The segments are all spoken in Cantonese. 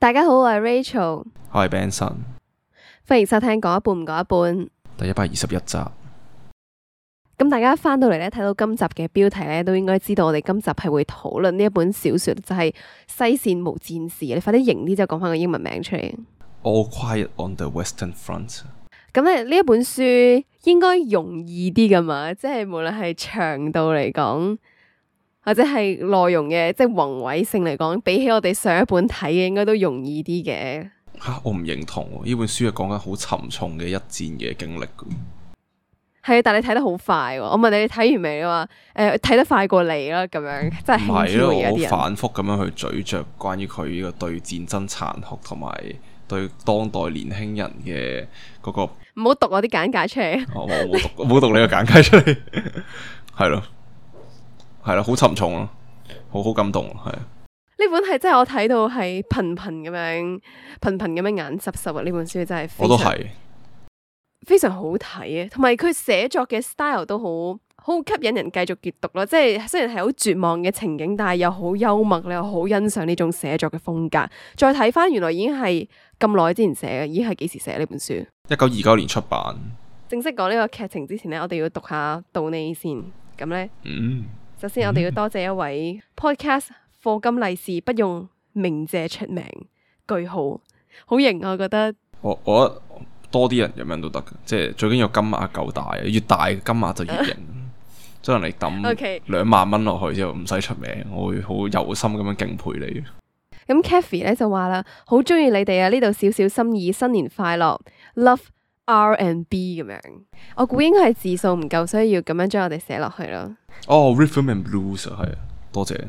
大家好，我係 Rachel，我係 Benson，歡迎收聽講一半唔講一半，第一百二十一集。咁大家翻到嚟咧，睇到今集嘅標題咧，都應該知道我哋今集係會討論呢一本小說，就係、是《西線無戰事》。你快啲型啲就講翻個英文名出嚟。All Quiet on the Western Front。咁咧呢一本書應該容易啲噶嘛？即係無論係長度嚟講。或者係內容嘅，即係宏偉性嚟講，比起我哋上一本睇嘅，應該都容易啲嘅。吓、啊，我唔認同呢、啊、本書係講緊好沉重嘅一戰嘅經歷、哦。係， 但你睇得好快、啊。我問你，你睇完未啊？誒、欸，睇得快過你啦，咁樣即係。唔係、啊，我反覆咁樣去咀嚼關於佢呢個對戰爭殘酷，同埋對當代年輕人嘅嗰個。唔好 讀我啲簡介出嚟、啊。我我唔好讀，唔好讀你個簡介出嚟。係咯。係啦，好沉重咯，好好感動，係。呢本係真係我睇到係頻頻咁樣，頻頻咁樣眼濕濕啊！呢本書真係我都係，非常好睇啊！同埋佢寫作嘅 style 都好好吸引人繼續閱讀咯。即係雖然係好絕望嘅情景，但係又好幽默，你又好欣賞呢種寫作嘅風格。再睇翻原來已經係咁耐之前寫嘅，已經係幾時寫呢本書？一九二九年出版。正式講呢個劇情之前呢，我哋要讀下道呢先。咁呢？嗯。首先，我哋要多謝一位 Podcast 課金利是不用名借出名句號，好型，我覺得我我覺得多啲人咁樣都得，即係最緊要金額夠大，越大金額就越型。 即係你抌兩萬蚊落去之後，唔使出名， Okay. 我會好有心咁樣敬佩你。咁 Cathy 咧，就話啦，好中意你哋啊！呢度少少心意，新年快樂，Love。R and B 咁樣我，我估應該係字數唔夠，所以要、oh, 咁樣將我哋寫落去咯。哦，Rhythm and Blues 啊，係啊，多謝，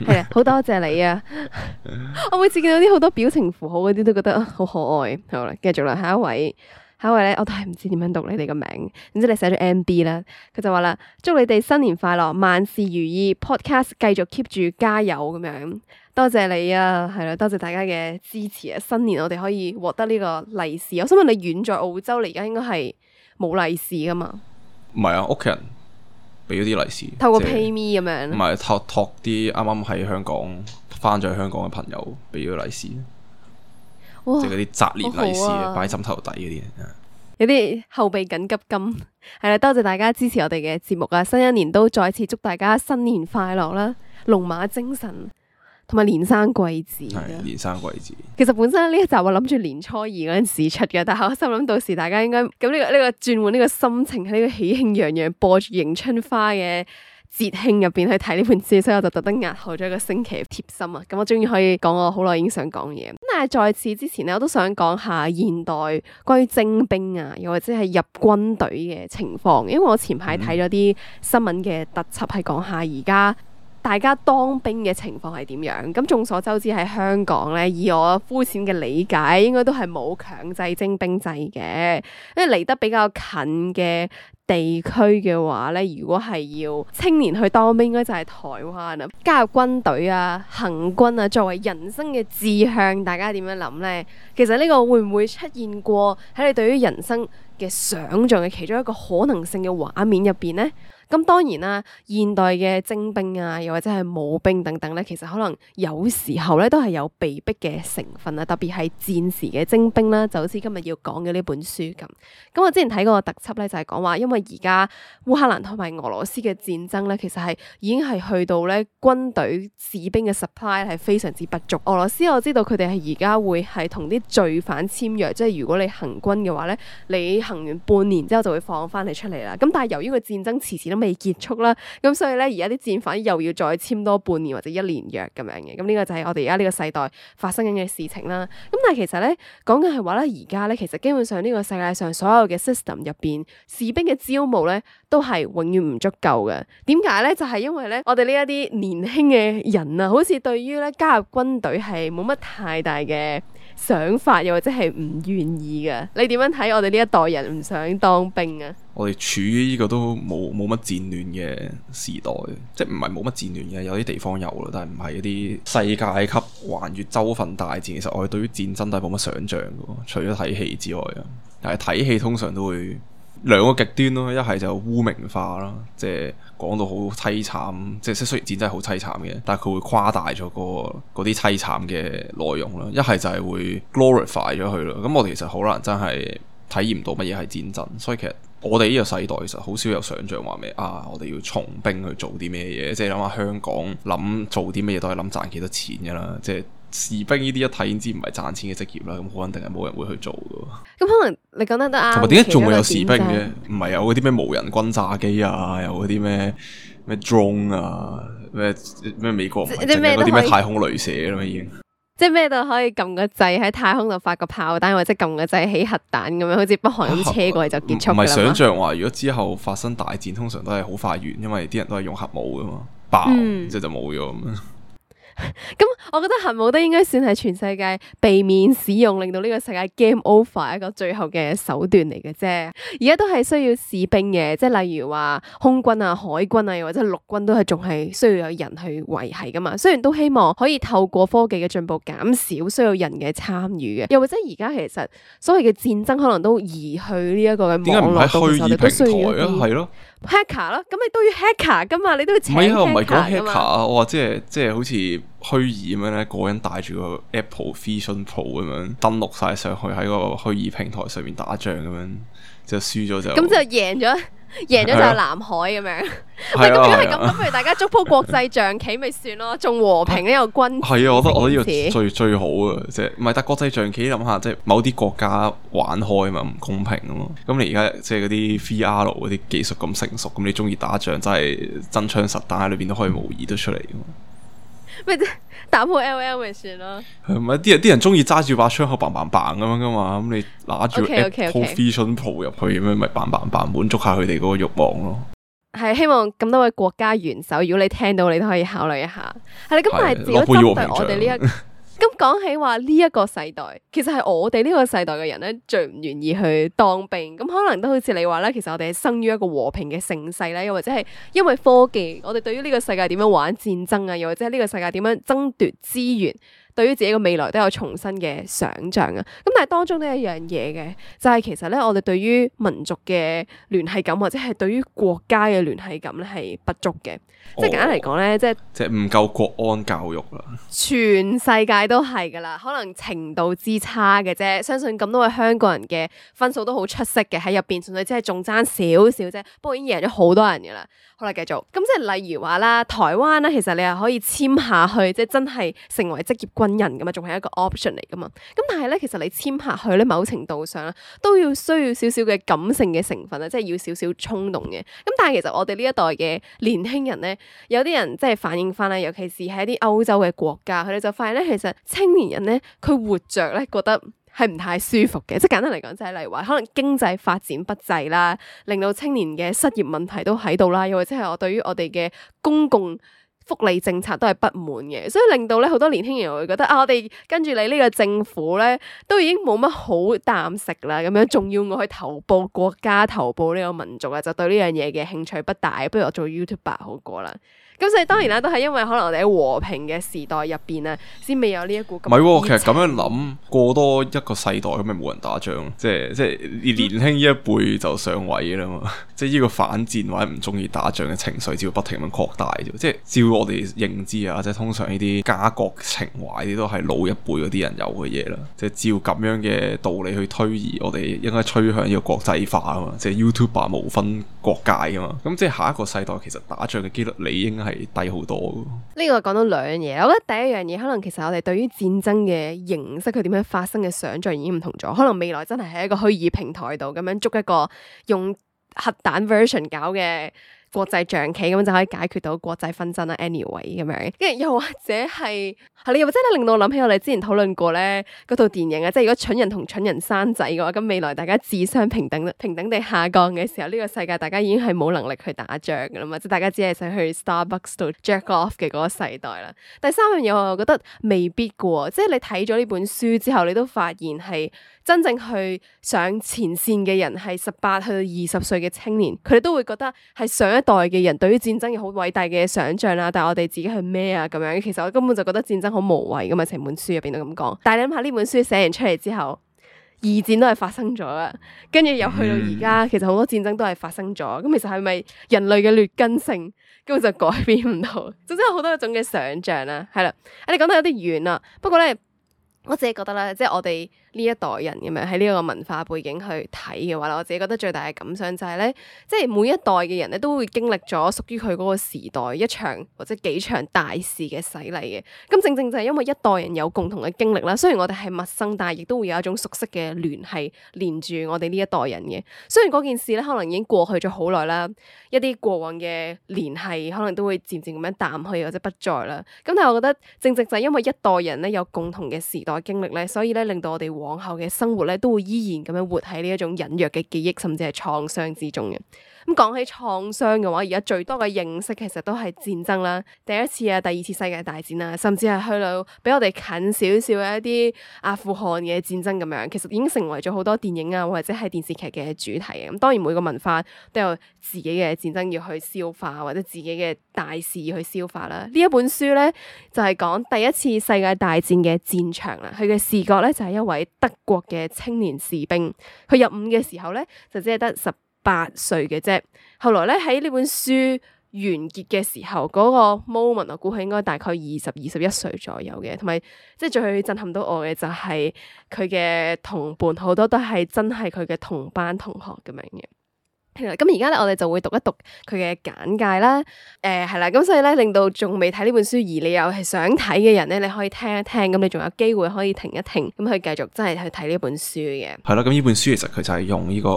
係 啊，好多謝你啊！ 我每次見到啲好多表情符號嗰啲都覺得好可愛。好啦，繼續啦，下一位，下一位咧，我都係唔知點樣讀你哋嘅名，然之後你寫咗 M B 啦，佢就話啦，祝你哋新年快樂，萬事如意，Podcast 繼續 keep 住加油咁樣。多謝你啊，係啦，多謝大家嘅支持啊！新年我哋可以獲得呢個利是。我想問你，遠在澳洲，你而家應該係冇利是㗎嘛？唔係啊，屋企人俾咗啲利是，透過 PayMe 咁樣是，唔係託託啲啱啱喺香港翻咗去香港嘅朋友俾咗利是，即係嗰啲雜念利是，擺枕、哦啊、頭底嗰啲有啲後備緊急金係啦、嗯，多謝大家支持我哋嘅節目啊！新一年都再次祝大家新年快樂啦，龍馬精神。同埋年生貴子，係年生貴子。其實本身呢一集我諗住年初二嗰陣時出嘅，但係我心諗到時大家應該咁呢、呢個呢、呢個、呢個、轉換呢個心情喺呢、呢個喜慶洋洋播住迎春花嘅節慶入邊去睇呢本書，所以我就特登押後咗一個星期貼心啊！咁我終於可以講我好耐已經想講嘢。咁但係在此之前咧，我都想講下現代關於徵兵啊，又或者係入軍隊嘅情況，因為我前排睇咗啲新聞嘅特輯，係講下而家大家當兵嘅情況係點樣？咁眾所周知，喺香港呢，以我膚淺嘅理解，應該都係冇強制徵兵制嘅。因為離得比較近嘅地區嘅話呢，如果係要青年去當兵，應該就係台灣啦。加入軍隊啊、行軍啊，作為人生嘅志向，大家點樣諗呢？其實呢個會唔會出現過喺你對於人生嘅想像嘅其中一個可能性嘅畫面入邊呢？咁當然啦，現代嘅徵兵啊，又或者係募兵等等咧，其實可能有時候咧都係有被逼嘅成分啊，特別係戰時嘅徵兵啦，就好似今日要講嘅呢本書咁。咁我之前睇過個特輯咧，就係講話，因為而家烏克蘭同埋俄羅斯嘅戰爭咧，其實係已經係去到咧軍隊士兵嘅 supply 係非常之不足。俄羅斯我知道佢哋係而家會係同啲罪犯簽約，即係如果你行軍嘅話咧，你行完半年之後就會放翻你出嚟啦。咁但係由於個戰爭遲遲遲都～未結束啦，咁所以咧而家啲戰犯又要再簽多半年或者一年約咁樣嘅，咁呢個就係我哋而家呢個世代發生緊嘅事情啦。咁但係其實咧講緊係話咧而家咧其實基本上呢個世界上所有嘅 system 入邊，士兵嘅招募咧都係永遠唔足夠嘅。點解咧？就係因為咧我哋呢一啲年輕嘅人啊，好似對於咧加入軍隊係冇乜太大嘅。想法又或者係唔願意嘅。你點樣睇我哋呢一代人唔想當兵啊？我哋處於呢個都冇冇乜戰亂嘅時代，即係唔係冇乜戰亂嘅，有啲地方有咯，但係唔係一啲世界級環越洲份大戰。其實我哋對於戰爭都係冇乜想像嘅，除咗睇戲之外啊，但係睇戲通常都會。兩個極端咯，一係就污名化啦，即係講到好凄慘，即係雖然戰爭好凄慘嘅，但係佢會誇大咗個嗰啲凄慘嘅內容啦。一係就係會 glorify 咗佢咯。咁我哋其實好難真係體驗到乜嘢係戰爭，所以其實我哋呢個世代其實好少有想像話咩啊！我哋要從兵去做啲咩嘢？即係諗下香港諗做啲乜嘢都係諗賺幾多錢嘅啦，即係。士兵呢啲一睇，已知唔係賺錢嘅職業啦，咁好肯定係冇人會去做噶。咁可能你講得都啱。同埋點解仲會有士兵嘅？唔係有嗰啲咩無人轟炸機啊，有嗰啲咩咩 drone 啊，咩咩美國咩太空鐳射啦，已經。即係咩都可以撳個掣喺太空度發個炮彈，或者撳個掣起核彈咁樣，好似北韓咁啲車過嚟就結束。唔係、啊、想象話，如果之後發生大戰，通常都係好快完，因為啲人都係用核武噶嘛，爆，即係、嗯、就冇咗咁。咁、 嗯、我覺得核武都應該算係全世界避免使用，令到呢個世界 game over 一個最後嘅手段嚟嘅啫。而家都係需要士兵嘅，即係例如話空軍啊、海軍啊，或者陸軍都係仲係需要有人去維繫噶嘛。雖然都希望可以透過科技嘅進步減少需要人嘅參與嘅，又或者而家其實所謂嘅戰爭可能都移去呢一個嘅網絡平台，啊。點解唔喺虛擬平台？係咯，hacker 咯，咁、啊、你都要 hacker 噶嘛？你都要請 h 唔係講 hacker 啊，我即係即係好似。虛擬咁樣咧，個人帶住個 Apple Vision Pro 咁樣登錄晒上去喺個虛擬平台上面打仗咁樣，就輸咗就咁就贏咗，贏咗就係南海咁樣。係啊，咁如果係咁，咁不是、啊、如大家捉鋪國際象棋咪算咯， 仲和平呢個軍係啊，我覺得呢個最最好啊，即係唔係？但國際象棋諗下，即係、就是、某啲國家玩開啊嘛，唔公平啊嘛。咁你而家即係嗰啲 VR 嗰啲技術咁成熟，咁你中意打仗真係真槍實彈喺裏邊都可以模擬得出嚟。嗯咪 打破 LL 咪算咯，係咪啲人啲人中意揸住把槍口棒棒棒 g 咁樣噶嘛，咁、嗯、你拿住 Apple Vision Pro 入去咁樣咪棒棒棒，g 滿足下佢哋嗰個欲望咯，係希望咁多位國家元首，如果你聽到你都可以考慮一下，係啦咁但係是我哋呢一。 咁講起話呢一個世代，其實係我哋呢個世代嘅人咧，最唔願意去當兵。咁可能都好似你話咧，其實我哋係生於一個和平嘅盛世咧，又或者係因為科技，我哋對於呢個世界點樣玩戰爭啊，又或者係呢個世界點樣爭奪資源。對於自己嘅未來都有重新嘅想像啊！咁但係當中咧一樣嘢嘅，就係、是、其實咧我哋對於民族嘅聯繫感或者係對於國家嘅聯繫感咧係不足嘅，哦就是、即係簡單嚟講咧，即係即係唔夠國安教育啦。全世界都係㗎啦，可能程度之差嘅啫。相信咁多位香港人嘅分數都好出色嘅，喺入邊純粹即係仲爭少少啫。不過已經贏咗好多人㗎啦。好啦，繼續。咁即係例如話啦，台灣咧，其實你係可以簽下去，即、就、係、是、真係成為職業軍人噶嘛，仲係一個 option 嚟噶嘛。咁但係咧，其實你簽下去咧，某程度上咧，都要需要少少嘅感性嘅成分咧，即係要少少衝動嘅。咁但係其實我哋呢一代嘅年輕人咧，有啲人即係反映翻咧，尤其是喺啲歐洲嘅國家，佢哋就發現咧，其實青年人咧，佢活着咧，覺得係唔太舒服嘅。即係簡單嚟講，就係例如話，可能經濟發展不濟啦，令到青年嘅失業問題都喺度啦，又或者係我對於我哋嘅公共。福利政策都係不滿嘅，所以令到咧，好多年輕人會覺得啊，我哋跟住你呢個政府咧，都已經冇乜好啖食啦，咁樣仲要我去投報國家，投報呢個民族啊，就對呢樣嘢嘅興趣不大，不如我做 YouTuber 好過啦。咁所以當然啦，都係因為可能我哋喺和平嘅時代入邊啊，先未有呢一股咁。唔係喎，其實咁樣諗過多一個世代咁，咪冇人打仗。即係即係年年輕呢一輩就上位啦嘛。即係呢個反戰或者唔中意打仗嘅情緒，只會不停咁擴大啫。即係照我哋認知啊，即係通常呢啲家國情懷啲都係老一輩嗰啲人有嘅嘢啦。即係照咁樣嘅道理去推移，我哋應該趨向呢個國際化啊嘛。即係 YouTuber 無分。國界啊嘛，咁即係下一個世代其實打仗嘅幾率理應係低好多。呢個講到兩嘢，我覺得第一樣嘢可能其實我哋對於戰爭嘅形式佢點樣發生嘅想象已經唔同咗，可能未來真係喺一個虛擬平台度咁樣捉一個用核彈 version 搞嘅。國際象棋咁就可以解決到國際紛爭啦。anyway 咁樣，跟住又或者係係你又或者你令到我諗起我哋之前討論過咧嗰套電影啊，即係如果蠢人同蠢人生仔嘅話，咁未來大家智商平等平等地下降嘅時候，呢個世界大家已經係冇能力去打仗噶啦嘛，即係大家只係想去 Starbucks 度 jack off 嘅嗰個世代啦。第三樣嘢我又覺得未必嘅喎，即係你睇咗呢本書之後，你都發現係。真正去上前線嘅人係十八去到二十歲嘅青年，佢哋都會覺得係上一代嘅人對於戰爭嘅好偉大嘅想象啦。但係我哋自己係咩啊？咁樣其實我根本就覺得戰爭好無謂噶嘛。成本書入邊都咁講，但係你諗下呢本書寫完出嚟之後，二戰都係發生咗啦，跟住又去到而家，其實好多戰爭都係發生咗。咁其實係咪人類嘅劣根性根本就改變唔到？總之有好多一種嘅想象啦，係啦。你講得有啲遠啦，不過咧我自己覺得啦，即係我哋。呢一代人咁樣喺呢個文化背景去睇嘅話啦，我自己覺得最大嘅感想就係咧，即係每一代嘅人咧都會經歷咗屬於佢嗰個時代一場或者幾場大事嘅洗禮嘅。咁正正就係因為一代人有共同嘅經歷啦，雖然我哋係陌生，但係亦都會有一種熟悉嘅聯繫連住我哋呢一代人嘅。雖然嗰件事咧可能已經過去咗好耐啦，一啲過往嘅聯繫可能都會漸漸咁樣淡去或者不在啦。咁但係我覺得正正就係因為一代人咧有共同嘅時代經歷咧，所以咧令到我哋。往後嘅生活咧，都會依然咁樣活喺呢一種隱約嘅記憶，甚至係創傷之中嘅。咁講起創傷嘅話，而家最多嘅認識其實都係戰爭啦，第一次啊、第二次世界大戰啊，甚至係去到比我哋近少少嘅一啲阿富汗嘅戰爭咁樣，其實已經成為咗好多電影啊或者係電視劇嘅主題。咁當然每個文化都有自己嘅戰爭要去消化，或者自己嘅大事要去消化啦。呢一本書咧就係講第一次世界大戰嘅戰場啦，佢嘅視角咧就係一位德國嘅青年士兵，佢入伍嘅時候咧就只係得十八歲嘅啫，後來咧喺呢本書完結嘅時候，嗰個 moment 我估佢應該大概二十二十一歲左右嘅，同埋即係最震撼到我嘅就係佢嘅同伴好多都係真係佢嘅同班同學咁樣嘅。咁而家咧，我哋就會讀一讀佢嘅簡介啦。誒、呃，係啦，咁所以咧，令到仲未睇呢本書而你又係想睇嘅人咧，你可以聽一聽。咁你仲有機會可以停一停，咁去繼續真係去睇呢本書嘅。係啦，咁呢本書其實佢就係用呢個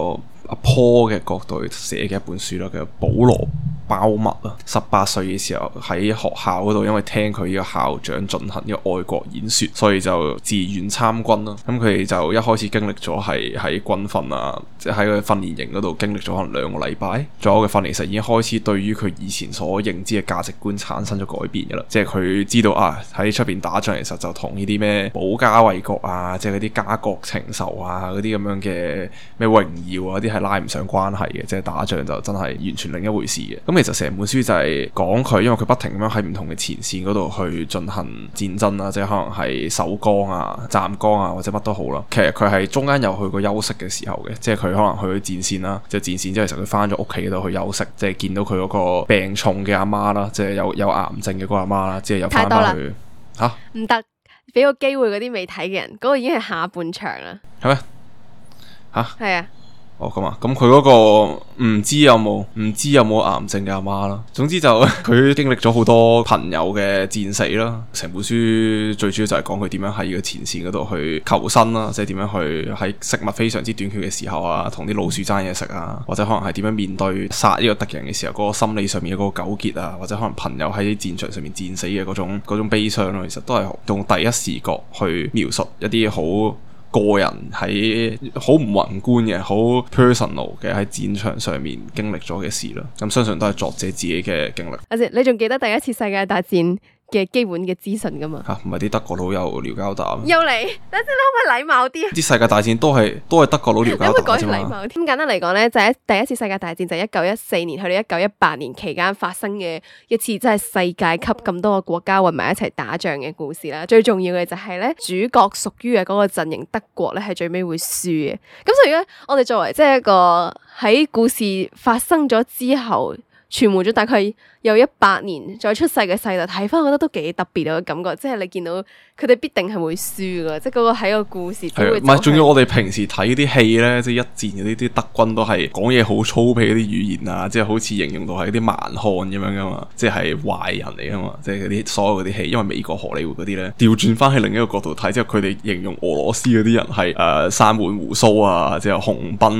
阿 Paul 嘅角度寫嘅一本書咯，叫做保羅。包密啊，十八歲嘅時候喺學校嗰度，因為聽佢呢個校長進行呢個愛國演說，所以就自願參軍啦、啊。咁佢就一開始經歷咗係喺軍訓啊，即係喺個訓練營嗰度經歷咗可能兩個禮拜左右嘅訓練時已經開始對於佢以前所認知嘅價值觀產生咗改變嘅啦。即係佢知道啊，喺出邊打仗其實就同呢啲咩保家衛國啊，即係嗰啲家國情仇啊嗰啲咁樣嘅咩榮耀啊啲係拉唔上關係嘅。即係打仗就真係完全另一回事嘅。咁。其實成本書就係講佢，因為佢不停咁樣喺唔同嘅前線嗰度去進行戰爭啦，即係可能係守江啊、站崗啊，或者乜都好啦。其實佢係中間有去過休息嘅時候嘅，即係佢可能去咗戰線啦，就戰線之後其實佢翻咗屋企度去休息，即係見到佢嗰個病重嘅阿媽啦，即係有有癌症嘅嗰個阿媽啦，即係又翻翻去吓。唔得，俾個機會嗰啲未睇嘅人，嗰、嗰個已經係下半場啦。係咪？吓？係啊。哦，咁啊，咁佢嗰個唔知有冇，唔知有冇癌症嘅阿媽啦。總之就佢經歷咗好多朋友嘅戰死啦。成本書最主要就係講佢點樣喺呢個前線嗰度去求生啦，啊，即係點樣去喺食物非常之短缺嘅時候啊，同啲老鼠爭嘢食啊，或者可能係點樣面對殺呢個敵人嘅時候，嗰、嗰個心理上面嘅嗰個糾結啊，或者可能朋友喺戰場上面戰死嘅嗰種嗰種悲傷咯，啊。其實都係用第一視角去描述一啲好個人喺好唔宏觀嘅，好 personal 嘅喺戰場上面經歷咗嘅事啦，咁、嗯、相信都係作者自己嘅經歷。阿姐，你仲記得第一次世界大戰？嘅基本嘅資訊噶嘛嚇，唔係啲德國佬有撩交打咩？又嚟，等陣你可唔可以禮貌啲？啲世界大戰都係都係德國佬撩交打先嘛？點解講禮貌添？簡單嚟講咧，就係一第一次世界大戰就係一九一四年去到一九一八年期間發生嘅一次真係世界級咁多個國家混埋一齊打仗嘅故事啦。最重要嘅就係咧，主角屬於嘅嗰個陣營德國咧係最尾會輸嘅。咁所以咧，我哋作為即係一個喺故事發生咗之後。傳説咗大概有一百年再出世嘅細路睇翻，我覺得都幾特別嘅感覺。即係你見到佢哋必定係會輸嘅，即係嗰個喺個故事。係咪仲要我哋平時睇啲戲咧？即係一戰嗰啲德軍都係講嘢好粗鄙嗰啲語言啊！即係好似形容到係啲蠻漢咁樣噶嘛，即係壞人嚟噶嘛，即係啲所有嗰啲戲。因為美國荷里活嗰啲咧，調轉翻去另一個角度睇，即係佢哋形容俄羅斯嗰啲人係誒山滿鬍鬚啊，即係紅鬢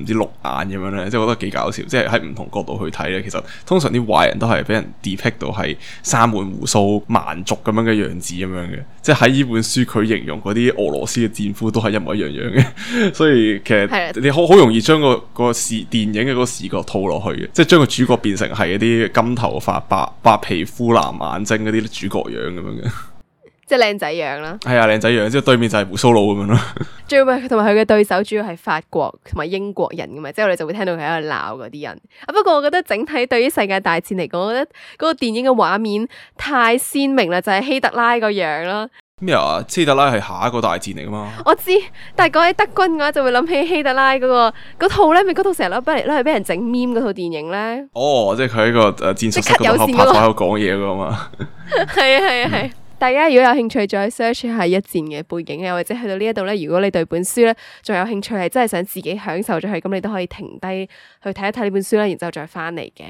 唔知綠眼咁樣咧，即係覺得幾搞笑。即係喺唔同角度去睇咧，其實就通常啲壞人都係俾人 depict 到係生滿胡鬚、蠻族咁樣嘅樣子咁樣嘅，即係喺依本書佢形容嗰啲俄羅斯嘅戰俘都係一模一樣樣嘅， 所以其實你好好容易將個個視電影嘅嗰個視角套落去嘅，即係將個主角變成係一啲金頭髮、白白皮膚、藍眼睛嗰啲主角樣咁樣嘅。 即係靚仔樣啦，係啊，靚仔樣，之後對面就係鬍鬚佬咁樣咯。最尾同埋佢嘅對手主要係法國同埋英國人噶嘛，之後你就會聽到佢喺度鬧嗰啲人。啊，不過我覺得整體對於世界大戰嚟講，我覺得嗰個電影嘅畫面太鮮明啦，就係希特拉個樣啦。咩啊？希特拉係下一個大戰嚟噶嘛？我知，但係講起德軍嘅話，就會諗起希特拉嗰個套咧，咪嗰套成日攞筆嚟攞去俾人整面嗰套電影咧。哦，即係佢喺個誒戰術室嗰度拍枱喺度講嘢噶嘛？係啊，係啊，係。大家如果有興趣再 search 下一戰嘅背景啊，或者去到呢一度咧，如果你對本書咧仲有興趣，係真係想自己享受咗佢，咁你都可以停低去睇一睇呢本書啦，然之後再翻嚟嘅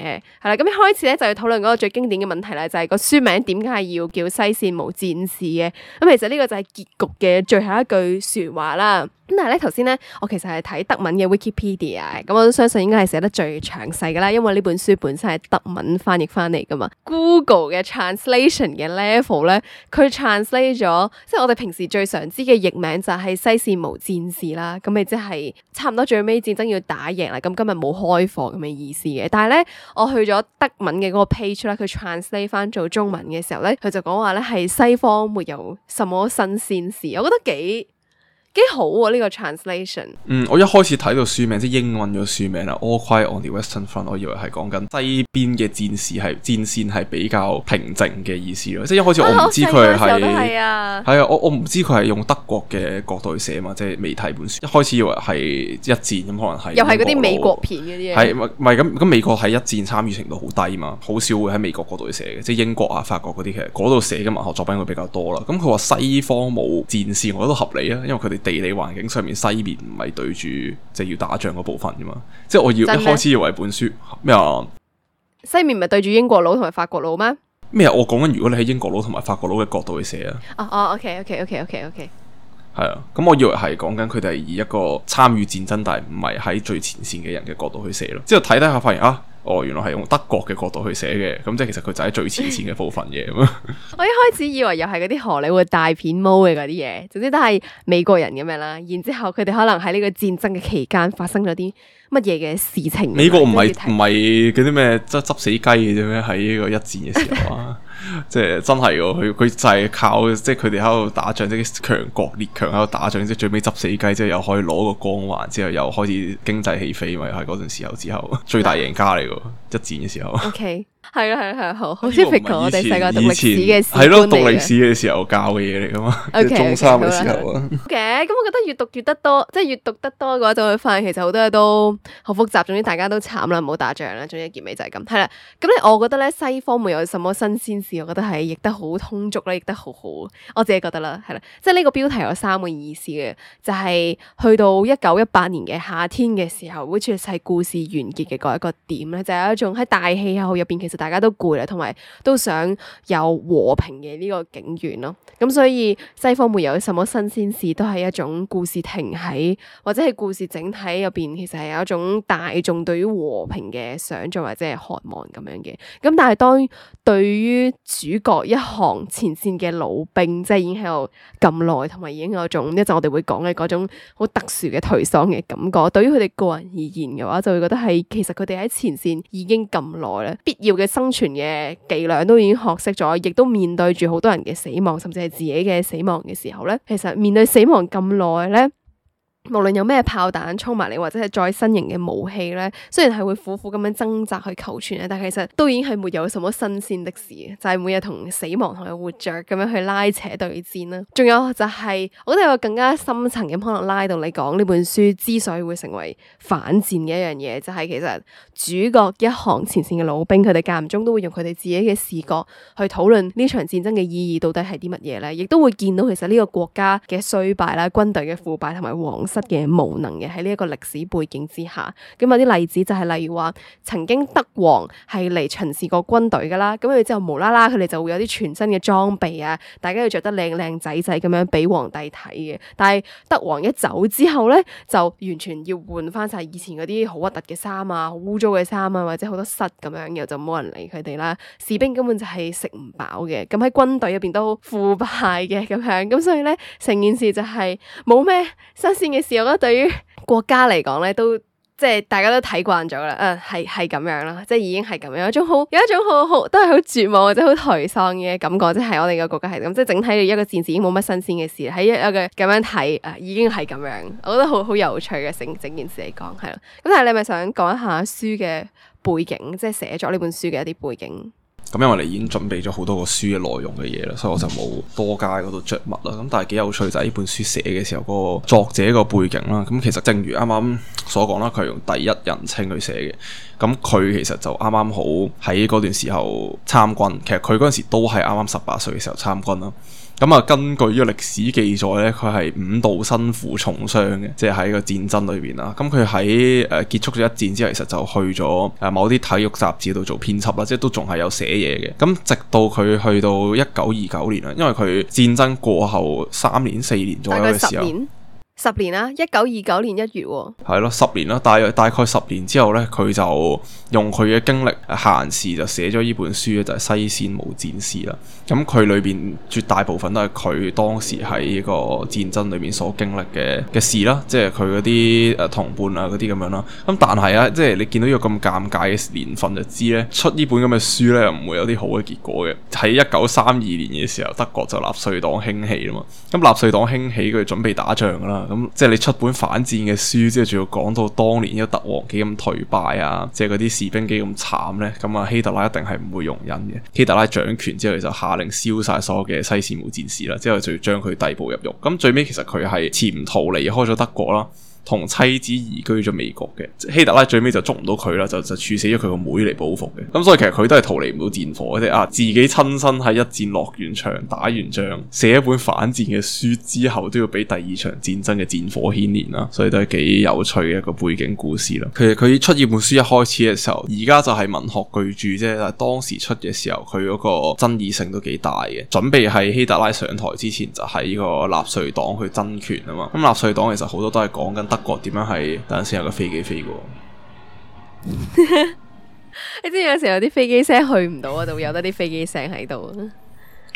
係啦。咁一開始咧就要討論嗰個最經典嘅問題啦，就係、是、個書名點解係要叫《西線無戰事》嘅？咁其實呢個就係結局嘅最後一句說話啦。咁但係咧頭先咧，我其實係睇德文嘅 Wikipedia，咁我都相信應該係寫得最詳細噶啦，因為呢本書本身係德文翻譯翻嚟噶嘛。Google 嘅 translation 嘅 level 咧。佢 translate 咗，即係我哋平時最常知嘅譯名就係西線無戰事啦。咁咪即係差唔多最尾戰爭要打贏啦。咁今日冇開火咁嘅意思嘅。但係咧，我去咗德文嘅嗰個 page 啦，佢 translate 翻做中文嘅時候咧，佢就講話咧係西方沒有什麼新鮮事。我覺得幾。幾好啊！呢個 translation，嗯，我一開始睇到書名，即係英文咗書名啊。All Quiet on the Western Front，我以為係講緊西邊嘅戰士係戰線係比較平靜嘅意思咯。即係一開始我唔知佢係係啊，我啊我唔知佢係用德國嘅角度去寫嘛，即係未睇本書。一開始以為係一戰咁，可能係又係嗰啲美國片嘅啲嘢，係唔係咁？咁美國係一戰參與程度好低嘛，好少會喺美國角度去寫嘅，即係英國啊、法國嗰啲其實嗰度寫嘅文學作品會比較多啦。咁佢話西方冇戰線，我覺得都合理啊，因為佢哋。地理環境上面西面唔係對住即係要打仗嗰部分噶嘛，即係我要一開始以為本書咩啊？西面唔係對住英國佬同埋法國佬咩？咩啊？我講緊如果你喺英國佬同埋法國佬嘅角度去寫啊！哦哦，OK OK OK OK OK，係啊，咁我以為係講緊佢哋係以一個參與戰爭但係唔係喺最前線嘅人嘅角度去寫咯，之後睇睇下發現啊。哦，原來係用德國嘅角度去寫嘅，咁、嗯、即係其實佢就喺最前線嘅部分嘅。 我一開始以為又係嗰啲荷里活大片毛嘅嗰啲嘢，總之都係美國人咁樣啦。然之後佢哋可能喺呢個戰爭嘅期間發生咗啲乜嘢嘅事情。美國唔係唔係嗰啲咩，即係執死雞嘅啫咩？喺呢個一戰嘅時候啊？ 即係真係噶，佢，佢就係靠即係佢哋喺度打仗，即係強國列強喺度打仗，即係最尾執死雞，即係又可以攞個光環，之後又開始經濟起飛，咪係嗰陣時候之後最大贏家嚟噶 Okay. 一戰嘅時候。Okay. 係啊，係啊，係啦，好，好似以前的以前係咯的的讀歷史嘅時候教嘅嘢嚟噶嘛。 okay, okay, 中三嘅時候啊。okay，咁我覺得越讀越得多，即係越讀得多嘅話就會發現，其實好多嘢都好複雜。總之大家都慘啦，唔好打仗啦。總之結尾就係咁，係啦。咁咧，我覺得咧西方沒有什麼新鮮事，我覺得係譯得好通俗咧，譯得好好。我自己覺得啦，係啦，即係呢個標題有三個意思嘅，就係、是、去到一九一八年嘅夏天嘅時候，好似係故事完結嘅嗰一個點咧，就係、是、一種喺大氣候入邊其實。大家都攰啦，同埋都想有和平嘅呢個景願咯。咁所以西方沒有什麼新鮮事，都係一種故事停，停喺或者係故事整體入邊，其實係有一種大眾對於和平嘅想像或者係渴望咁樣嘅。咁但係當對於主角一行前線嘅老兵，即係已經喺度咁耐，同埋已經有一種一陣我哋會講嘅嗰種好特殊嘅頹喪嘅感覺。對於佢哋個人而言嘅話，就會覺得係其實佢哋喺前線已經咁耐啦，必要嘅。生存嘅伎倆都已經學識咗，亦都面對住好多人嘅死亡，甚至係自己嘅死亡嘅時候咧，其實面對死亡咁耐咧。無論有咩炮彈衝埋嚟，或者係再新型嘅武器咧，雖然係會苦苦咁樣掙扎去求存咧，但其實都已經係沒有什麼新鮮的事，就係、是、每日同死亡同埋活着咁樣去拉扯對戰啦。仲有就係、是，我覺得有個更加深層嘅可能拉到你講呢本書之所以會成為反戰嘅一樣嘢，就係、是、其實主角一行前線嘅老兵，佢哋間唔中都會用佢哋自己嘅視角去討論呢場戰爭嘅意義到底係啲乜嘢咧，亦都會見到其實呢個國家嘅衰敗啦、軍隊嘅腐敗同埋皇。失嘅無能嘅喺呢一個歷史背景之下，咁有啲例子就係例如話，曾經德皇係嚟巡視過軍隊噶啦，咁佢哋之後無啦啦佢哋就會有啲全新嘅裝備啊，大家要着得靚靚仔仔咁樣俾皇帝睇嘅。但係德皇一走之後咧，就完全要換翻晒以前嗰啲好核突嘅衫啊，好污糟嘅衫啊，或者好多虱咁樣，嘅，就冇人理佢哋啦。士兵根本就係食唔飽嘅，咁喺軍隊入邊都腐敗嘅咁樣，咁所以咧成件事就係冇咩新鮮嘅。我覺得對於國家嚟講咧，都即係大家都睇慣咗啦。嗯、啊，係係咁樣啦，即係已經係咁樣，一種好有一種好好都係好絕望或者好頹喪嘅感覺，即係我哋嘅國家係咁，即係整體一個戰事已經冇乜新鮮嘅事，喺一個咁樣睇，啊，已經係咁樣。我覺得好好有趣嘅整整件事嚟講，係咯。咁但係你咪想講一下書嘅背景，即係寫作呢本書嘅一啲背景。咁因為你已經準備咗好多個書嘅內容嘅嘢啦，所以我就冇多加嗰度着墨啦。咁但係幾有趣就係、是、呢本書寫嘅時候嗰、那個作者個背景啦。咁其實正如啱啱所講啦，佢係用第一人稱去寫嘅。咁佢其實就啱啱好喺嗰段時候參軍。其實佢嗰陣時都係啱啱十八歲嘅時候參軍啦。咁啊，根據呢個歷史記載咧，佢係五度身負重傷嘅，即係喺個戰爭裏邊啦。咁佢喺誒結束咗一戰之後，其實就去咗誒、呃、某啲體育雜誌度做編輯啦，即係都仲係有寫嘢嘅。咁、嗯、直到佢去到一九二九年啊，因為佢戰爭過後三年四年左右嘅時候，十年啦，一九二九年一月喎、哦。係咯，十年啦，大概大概十年之後呢，佢就用佢嘅經歷閒時就寫咗呢本書咧，就係、是《西線無戰事》啦。咁佢、嗯、裏邊絕大部分都係佢當時喺呢個戰爭裏面所經歷嘅嘅事啦，即係佢嗰啲誒同伴啊嗰啲咁樣啦。咁、嗯、但係啊，即係你見到呢個咁尷尬嘅年份就知咧，出這本這呢本咁嘅書咧，又唔會有啲好嘅結果嘅。喺一九三二年嘅時候，德國就納粹黨興起啊嘛。咁、嗯、納粹黨興起，佢準備打仗噶啦。咁、嗯、即係你出本反戰嘅書，即係仲要講到當年呢個德皇幾咁頹敗啊，即係嗰啲士兵幾咁慘咧。咁、嗯、啊希特拉一定係唔會容忍嘅。希特拉掌權之後就下令。燒晒所有嘅西線無戰事啦，之後就要將佢逮捕入獄。咁最尾其實佢係潛逃離開咗德國啦。同妻子移居咗美國嘅希特拉最尾就捉唔到佢啦，就就處死咗佢個妹嚟報復嘅。咁所以其實佢都係逃離唔到戰火嘅，即啊自己親身喺一戰落完場、打完仗、寫一本反戰嘅書之後，都要俾第二場戰爭嘅戰火牽連啦。所以都係幾有趣嘅一個背景故事啦。其實佢出呢本書一開始嘅時候，而家就係文學巨著啫，但係當時出嘅時候，佢嗰個爭議性都幾大嘅。準備喺希特拉上台之前就喺個納粹黨去爭權啊嘛。咁納粹黨其實好多都係講緊。德國點樣係等先有架飛機飛過？嗯、 你知唔知有時候啲飛機聲去唔到啊，就會有得啲飛機聲喺度。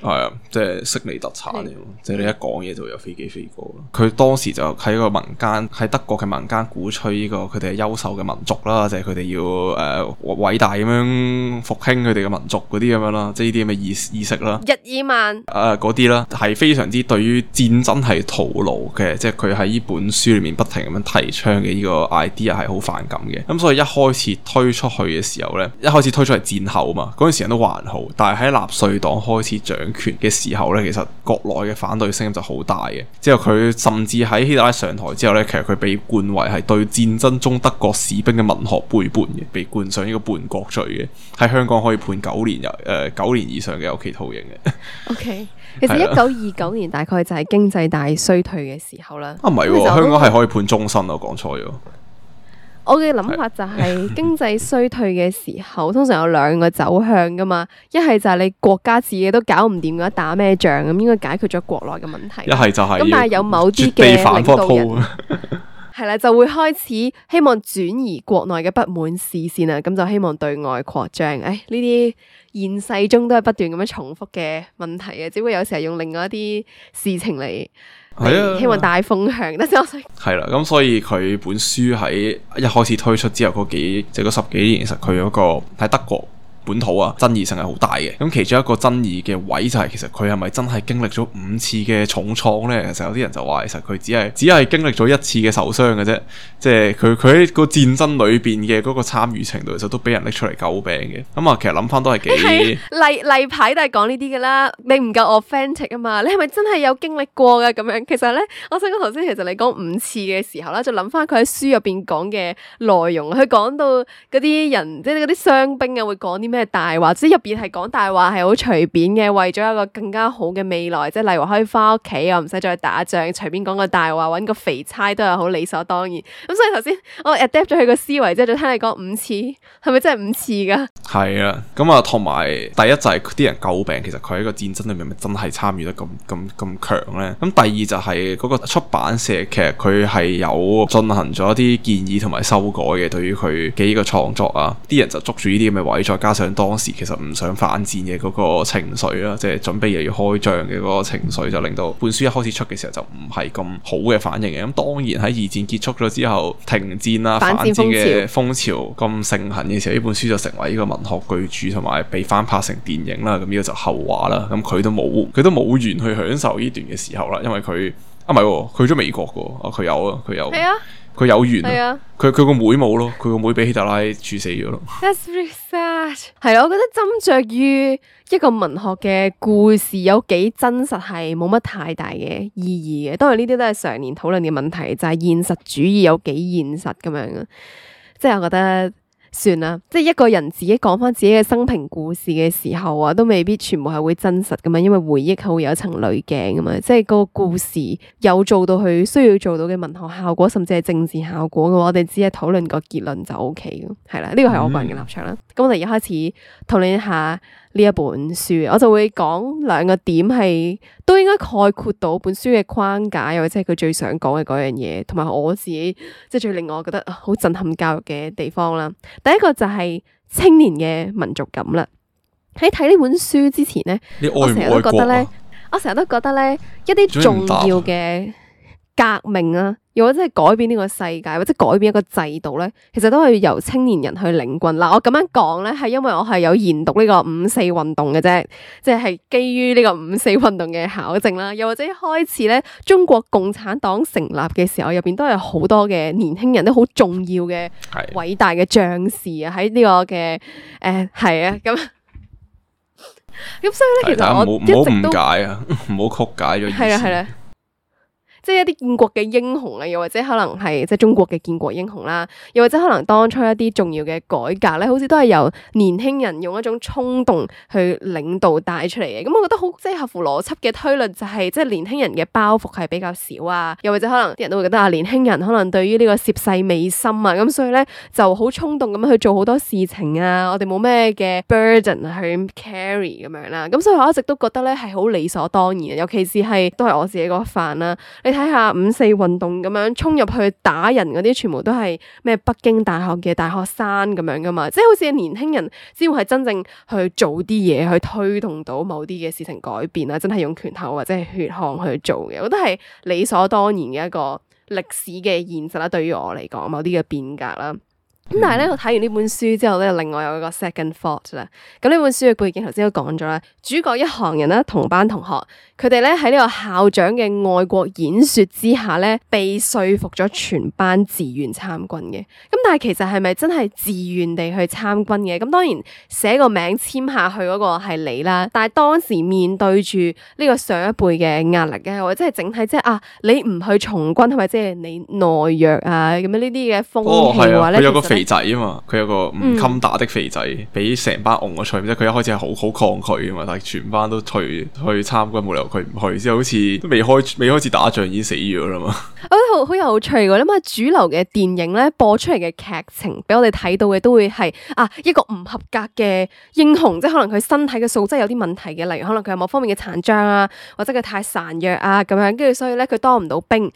係啊，即係悉尼特產咯。的即係你一講嘢，就會有飛機飛過。佢當時就喺個民間喺德國嘅民間鼓吹呢、這個佢哋係優秀嘅民族啦、就是呃，即係佢哋要誒偉大咁樣復興佢哋嘅民族嗰啲咁樣啦，即係呢啲咁嘅意意識啦。日耳曼啊，嗰啲啦係非常之對於戰爭係徒勞嘅，即係佢喺呢本書裏面不停咁樣提倡嘅呢個 idea 係好反感嘅。咁、嗯、所以一開始推出去嘅時候咧，一開始推出嚟戰後嘛，嗰、那、段、個、時人都還好，但係喺納粹黨開始掌。權嘅時候咧，其實國內嘅反對聲音就好大嘅。之後佢甚至喺希特拉上台之後咧，其實佢被冠為係對戰爭中德國士兵嘅文學背叛嘅，被冠上呢個叛國罪嘅，喺香港可以判九年由誒九年以上嘅有期徒刑嘅。 o、okay. K，其實一九二九年，大概就係經濟大衰退嘅時候啦。 啊，唔係，香港係可以判終身啊，講錯咗。我嘅諗法就係經濟衰退嘅時候， 通常有兩個走向噶嘛，一係就係你國家自己都搞唔掂嘅話，打咩仗咁應該解決咗國內嘅問題。一係就係咁，但係有某啲嘅領導人。 係啦，就會開始希望轉移國內嘅不滿視線啊，咁就希望對外擴張。誒、哎，呢啲現世中都係不斷咁樣重複嘅問題嘅，只會有時係用另外一啲事情嚟的、哎，希望帶風向。得係我想係啦，咁所以佢本書喺一開始推出之後嗰幾，即係嗰十幾年，其實佢嗰個喺德國。本土啊，爭議性係好大嘅。咁、嗯、其中一個爭議嘅位就係、是、其實佢係咪真係經歷咗五次嘅重創咧？其實有啲人就話其實佢只係只係經歷咗一次嘅受傷嘅啫。即係佢佢喺個戰爭裏邊嘅嗰個參與程度，其實都俾人拎出嚟詬病嘅。咁、嗯、啊，其實諗翻都係幾例例牌都係講呢啲㗎啦。你唔夠 authentic 啊嘛？你係咪真係有經歷過㗎、啊、咁樣？其實咧，我想講頭先其實你講五次嘅時候啦，就諗翻佢喺書入邊講嘅內容。佢講到嗰啲人即係嗰啲傷兵啊，會講啲咩？咩大話？即入邊係講大話係好隨便嘅，為咗一個更加好嘅未來，即係例如可以翻屋企又唔使再打仗，隨便講個大話揾個肥差都係好理所當然。咁、嗯、所以頭先我 adapt 咗佢個思維之後，再聽你講五次，係咪真係五次㗎？係啊，咁啊，同埋第一就係啲人詬病，其實佢喺個戰爭裡面咪真係參與得咁咁咁強咧。咁第二就係嗰個出版社其實佢係有進行咗一啲建議同埋修改嘅，對於佢嘅呢個創作啊，啲人就捉住呢啲咁嘅位，再加上，當時其實唔想反戰嘅嗰個情緒啦，即係準備又要開仗嘅嗰個情緒，就令到本書一開始出嘅時候就唔係咁好嘅反應嘅。咁當然喺二戰結束咗之後停戰啦，反戰嘅風潮咁盛行嘅時候，呢本書就成為呢個文學巨著，同埋被翻拍成電影啦。咁呢個就後話啦。咁佢都冇，佢都冇緣去享受呢段嘅時候啦，因為佢啊唔係去咗美國噶，佢有啊，佢有啊，佢有佢有緣啊，佢佢個妹冇咯，佢個妹俾希特拉處死咗咯。That's really sad，係咯， 我覺得斟酌於一個文學嘅故事有幾真實係冇乜太大嘅意義嘅。當然呢啲都係常年討論嘅問題，就係現實主義有幾現實咁樣啊。即係我覺得。算啦，即係一個人自己講翻自己嘅生平故事嘅時候啊，都未必全部係會真實噶嘛，因為回憶係會有一層濾鏡噶嘛，即係嗰個故事有做到佢需要做到嘅文學效果，甚至係政治效果嘅話，我哋只係討論個結論就 O K 嘅，係啦，呢個係我個人嘅立場啦。咁、嗯、我哋一開始討論一下。呢一本書，我就會講兩個點，係都應該概括到本書嘅框架，又或者係佢最想講嘅嗰樣嘢，同埋我自己即係最令我覺得好震撼教育嘅地方啦。第一個就係青年嘅民族感啦。喺睇呢本書之前呢，你愛唔愛國？我成日都覺得呢，我成日都覺得呢，一啲重要嘅。革命啊，又或者係改變呢個世界，或者改變一個制度咧，其實都係由青年人去領軍。嗱，我咁樣講咧，係因為我係有研讀呢個五四運動嘅啫，即、就、係、是、基於呢個五四運動嘅考證啦。又或者一開始咧，中國共產黨成立嘅時候入邊都有好多嘅年輕人都好重要嘅偉大嘅將士啊、這個，喺呢個嘅誒係啊咁。咁所以咧，其實我唔好誤解啊，唔好曲解咗意思。即係一啲建國嘅英雄啊，又或者可能係即係中國嘅建國英雄啦，又或者可能當初一啲重要嘅改革咧，好似都係由年輕人用一種衝動去領導帶出嚟嘅。咁、嗯、我覺得好即係合乎邏輯嘅推論、就係，就係即係年輕人嘅包袱係比較少啊，又或者可能啲人都會覺得啊，年輕人可能對於呢個涉世未深啊，咁所以咧就好衝動咁去做好多事情啊，我哋冇咩嘅 burden 去 carry 咁樣啦。咁所以我一直都覺得咧係好理所當然，尤其是係都係我自己嗰一份啦。啊睇下五四運動咁樣衝入去打人嗰啲，全部都係咩北京大學嘅大學生咁樣噶嘛？即係好似年輕人，只要係真正去做啲嘢，去推動到某啲嘅事情改變啊，真係用拳頭或者係血汗去做嘅，我覺得係理所當然嘅一個歷史嘅現實啦。對於我嚟講，某啲嘅變革啦。咁但係咧，我睇完呢本書之後咧，另外有一個 second thought 啦。咁呢本書嘅背景頭先都講咗啦，主角一行人咧，同班同學，佢哋咧喺，呢個校長嘅愛國演說之下咧，被說服咗全班自願參軍嘅。咁但係其實係咪真係自願地去參軍嘅？咁當然寫個名簽下去嗰個係你啦，但係當時面對住呢個上一輩嘅壓力嘅，或者係整體即係啊，你唔去從軍係咪即係你懦弱啊？咁樣呢啲嘅風氣嘅話咧。哦肥仔啊嘛，佢有個唔襟打的肥仔，俾成、嗯、班戇嘅除，即係佢一開始係好好抗拒啊嘛，但係全班都退去參軍，冇理由佢唔去之後，好似都未開未開始打仗已經死咗啦嘛。 我覺得好，好有趣嘅咧嘛，主流嘅電影咧播出嚟嘅劇情，俾我哋睇到嘅都會係啊一個唔合格嘅英雄，即係可能佢身體嘅素質有啲問題嘅，例如可能佢有某方面嘅殘障啊，或者佢太孱弱啊咁樣，跟住所以咧佢當唔到兵。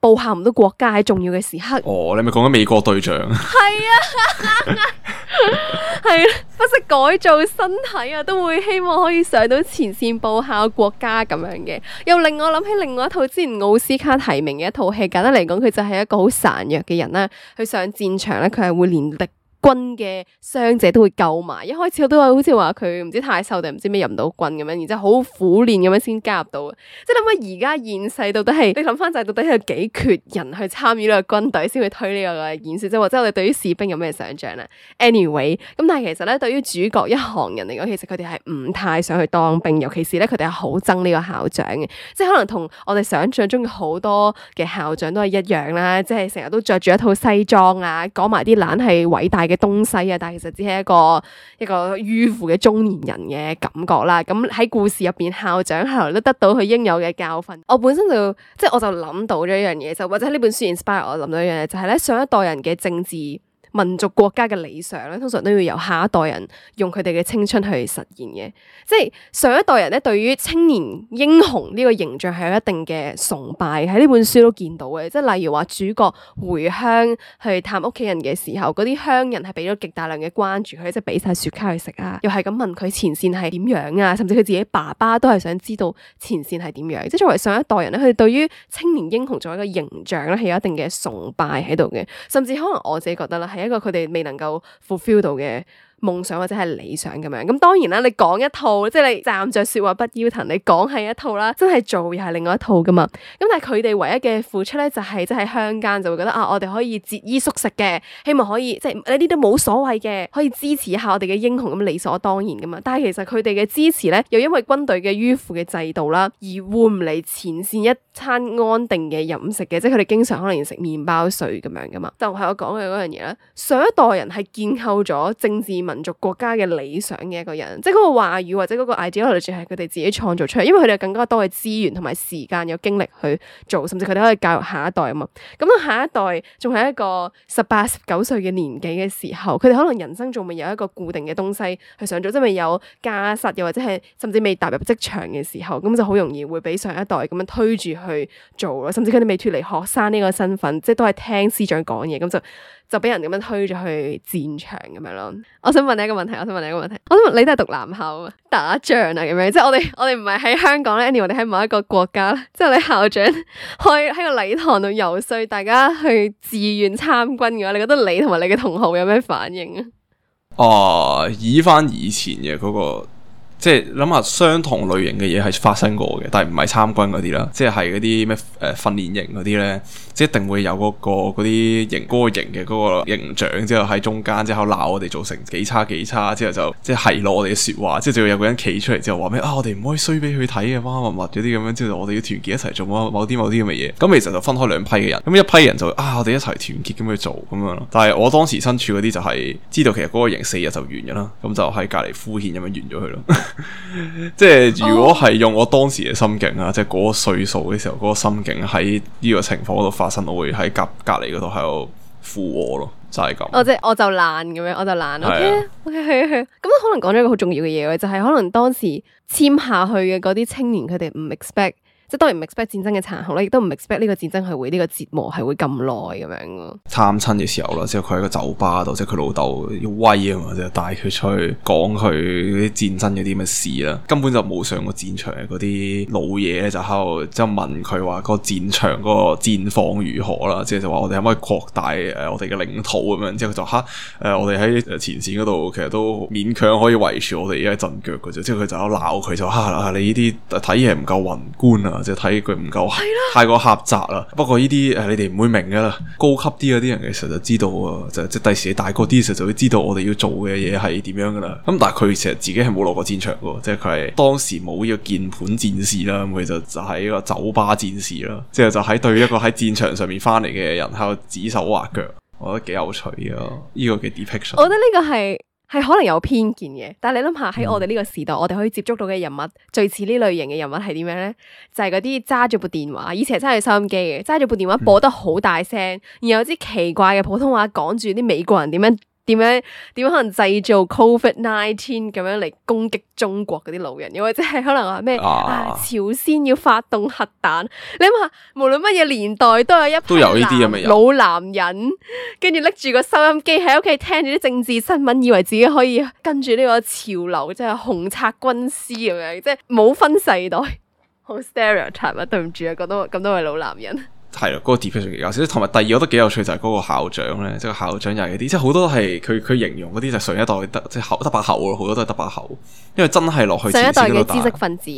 報效唔到國家喺重要嘅時刻，哦，你咪講緊美國隊長，係 是啊，係 啦、啊，不惜改造身體啊，都會希望可以上到前線報效國家咁樣嘅，又令我諗起另外一套之前奧斯卡提名嘅一套戲，簡單嚟講，佢就係一個好孱弱嘅人啦，去上戰場咧，佢係會練力。軍嘅傷者都會救埋。一開始我都係好似話佢唔知太瘦定唔知咩入唔到軍咁樣，然之後好苦練咁樣先加入到。即係諗下而家現世到底係，你諗翻就係到底係有幾缺人去參與呢個軍隊先會推呢個演說。即係或者我哋對於士兵有咩想象啦。Anyway，咁但係其實咧，對於主角一行人嚟講，其實佢哋係唔太想去當兵，尤其是咧佢哋係好憎呢個校長嘅。即係可能同我哋想象中嘅好多嘅校長都係一樣啦，即係成日都着住一套西裝啊，講埋啲懶係偉大嘅。東西啊，但係其實只係一個一個迂腐嘅中年人嘅感覺啦。咁喺故事入邊，校長後來都得到佢應有嘅教訓。我本身就即係我就諗到咗一樣嘢，就或者呢本書 inspire 我諗到一樣嘢，就係咧上一代人嘅政治。民族國家嘅理想咧，通常都要由下一代人用佢哋嘅青春去實現嘅。即係上一代人咧，對於青年英雄呢個形象係有一定嘅崇拜，喺呢本書都見到嘅。即係例如話主角回鄉去探屋企人嘅時候，嗰啲鄉人係俾咗極大量嘅關注佢，即係俾晒雪茄去食啊，又係咁問佢前綫係點樣啊，甚至佢自己爸爸都係想知道前綫係點樣。即係作為上一代人咧，佢哋對於青年英雄作為一個形象咧，係有一定嘅崇拜喺度嘅。甚至可能我自己覺得啦，係呢個佢哋未能夠 fulfill 到嘅。夢想或者係理想咁樣，咁當然啦，你講一套，即係你站着說話不腰疼，你講係一套啦，真係做又係另外一套噶嘛。咁但係佢哋唯一嘅付出咧，就係即係喺鄉間就會覺得啊，我哋可以節衣縮食嘅，希望可以即係呢啲都冇所謂嘅，可以支持一下我哋嘅英雄咁理所當然噶嘛。但係其實佢哋嘅支持咧，又因為軍隊嘅迂腐嘅制度啦，而換唔嚟前線一餐安定嘅飲食嘅，即係佢哋經常可能要食麪包水咁樣噶嘛。就係、是、我講嘅嗰樣嘢啦。上一代人係建構咗政治。民族國家嘅理想嘅一個人，即係嗰個話語或者嗰個 ideology，可能就係佢哋自己創造出嚟，因為佢哋有更加多嘅資源同埋時間，有精力去做，甚至佢哋可以教育下一代啊嘛。咁到下一代仲係一個十八、十九歲嘅年紀嘅時候，佢哋可能人生仲未有一個固定嘅東西去想做，即係未有家室，又或者係甚至未踏入職場嘅時候，咁就好容易會俾上一代咁樣推住去做咯，甚至佢哋未脫離學生呢個身份，即係都係聽師長講嘢，咁就。就俾人咁樣推咗去戰場咁樣咯。我想問你一個問題，我想問你一個問題。我想問你都係讀男校，打仗啊咁樣，即係我哋我哋唔係喺香港咧，anyway 我哋喺某一個國家咧，即係你校長去喺個禮堂度游說大家去自願參軍嘅話，你覺得你，你同埋你嘅同學有咩反應啊？哦，以翻以前嘅嗰、那個。即係諗下相同類型嘅嘢係發生過嘅，但係唔係參軍嗰啲啦，嗯、即係係嗰啲咩誒訓練營嗰啲呢？即係一定會有嗰、嗰個嗰啲營嗰個營嘅嗰個營長之後喺中間之後鬧我哋做成幾差幾差，之後就即係攞我哋嘅說話，之後仲要有個人企出嚟，之後話咩啊，我哋唔可以衰俾佢睇嘅，乜乜乜啲咁樣，之後我哋要團結一齊做某啲某啲咁嘅嘢。咁其實就分開兩批嘅人，咁一批人就啊，我哋一齊團結咁去做咁樣咯。但係我當時身處嗰啲就係、是，知道其實嗰個營四日就完嘅啦，咁就喺隔籬敷衍咁樣完咗佢咯。 即係如果係用我當時嘅心境啊，oh。即係嗰個歲數嘅時候，嗰、那個心境喺呢個情況度發生，我會喺隔隔籬嗰度喺度附和咯，就係、是、咁。我即係我就爛咁樣，我就爛。OK，OK，OK，OK。咁可能講咗一個好重要嘅嘢，就係、是、可能當時簽下去嘅嗰啲青年，佢哋唔 expect。即係當然唔 expect 戰爭嘅殘酷咧，亦都唔 expect 呢個戰爭係會呢、呢個折磨係會咁耐咁樣。探親嘅時候啦，之後佢喺個酒吧度，即係佢老豆要威啊嘛，就帶佢出去講佢啲戰爭嗰啲乜事啦。根本就冇上過戰場嗰啲老嘢咧，就喺度即係問佢話個戰場嗰、嗰個戰況如何啦。即係就話我哋可唔可以擴大誒我哋嘅領土咁樣。之後佢就吓，誒、呃、我哋喺前線嗰度其實都勉強可以維持我哋依家陣腳嘅啫。之後佢就喺鬧佢就嚇啊你呢啲睇嘢唔夠宏觀啊！就睇佢唔夠，的太過狹窄啦。不過呢啲誒，你哋唔會明噶啦。高級啲嗰啲人其實就知道喎，就係、即係第時你大個啲嘅時候就會知道我哋要做嘅嘢係點樣噶啦。咁、嗯、但係佢其實自己係冇落過戰場嘅，即係佢係當時冇呢個鍵盤戰士啦，咁佢就就係個酒吧戰士啦，之後就喺對一個喺戰場上面翻嚟嘅人喺度指手畫腳，我覺得幾有趣啊。呢、呢個叫 depiction。我覺得呢個係。係可能有偏見嘅，但係你諗下喺我哋呢個時代，我哋可以接觸到嘅人物最似呢類型嘅人物係點樣咧？就係嗰啲揸住部電話，以前係揸住收音機嘅，揸住部電話播得好大聲，然後有啲奇怪嘅普通話講住啲美國人點樣。點樣點可能製造 Covid nineteen 咁樣嚟攻擊中國嗰啲老人，又或者係可能話咩、啊、朝鮮要發動核彈？你諗下，無論乜嘢年代都有一排老男人，跟住拎住個收音機喺屋企聽住啲政治新聞，以為自己可以跟住呢個潮流，即係紅拆軍師咁樣，即係冇分世代，好 stereotype 啊！對唔住啊，咁多咁多位老男人。係咯，嗰，那個 deployment 係同埋第二，我覺得幾有趣就係，是，嗰個校長咧，就是，即係個校長又係啲，即係好多係佢佢形容嗰啲就上一代，得即係口得把口，好多都係得把口，因為真係落去，上一代嘅知識分子。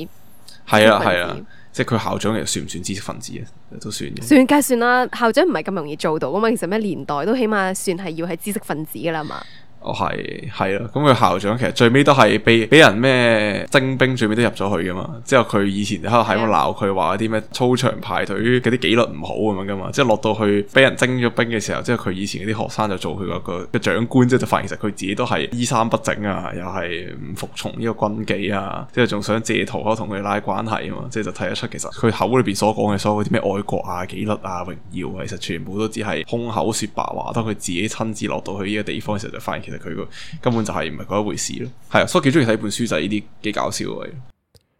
係啊係啊，即係佢校長其實算唔算知識分子啊？都算，算。算梗算啦，校長唔係咁容易做到噶嘛。其實咩年代都起碼算係要係知識分子噶啦嘛。哦，係係咯，咁佢校長其實最尾都係被俾人咩徵兵，最尾都入咗去噶嘛。之後佢以前喺度喺度鬧佢話啲咩操場排隊嗰啲紀律唔好咁樣噶嘛。即係落到去俾人徵咗兵嘅時候，之後佢以前嗰啲學生就做佢個個個長官，之後就發現其實佢自己都係衣衫不整啊，又係唔服從呢個軍紀啊，之後仲想借圖可同佢拉關係啊嘛。即係就睇得出其實佢口裏面所講嘅所有啲咩愛國啊、紀律啊、榮耀啊，其實全部都只係空口說白話。當佢自己親自落到去呢個地方嘅時候，就發現。其實佢個根本就係唔係嗰一回事咯，係啊，所以幾中意睇本書就係呢啲幾搞笑嘅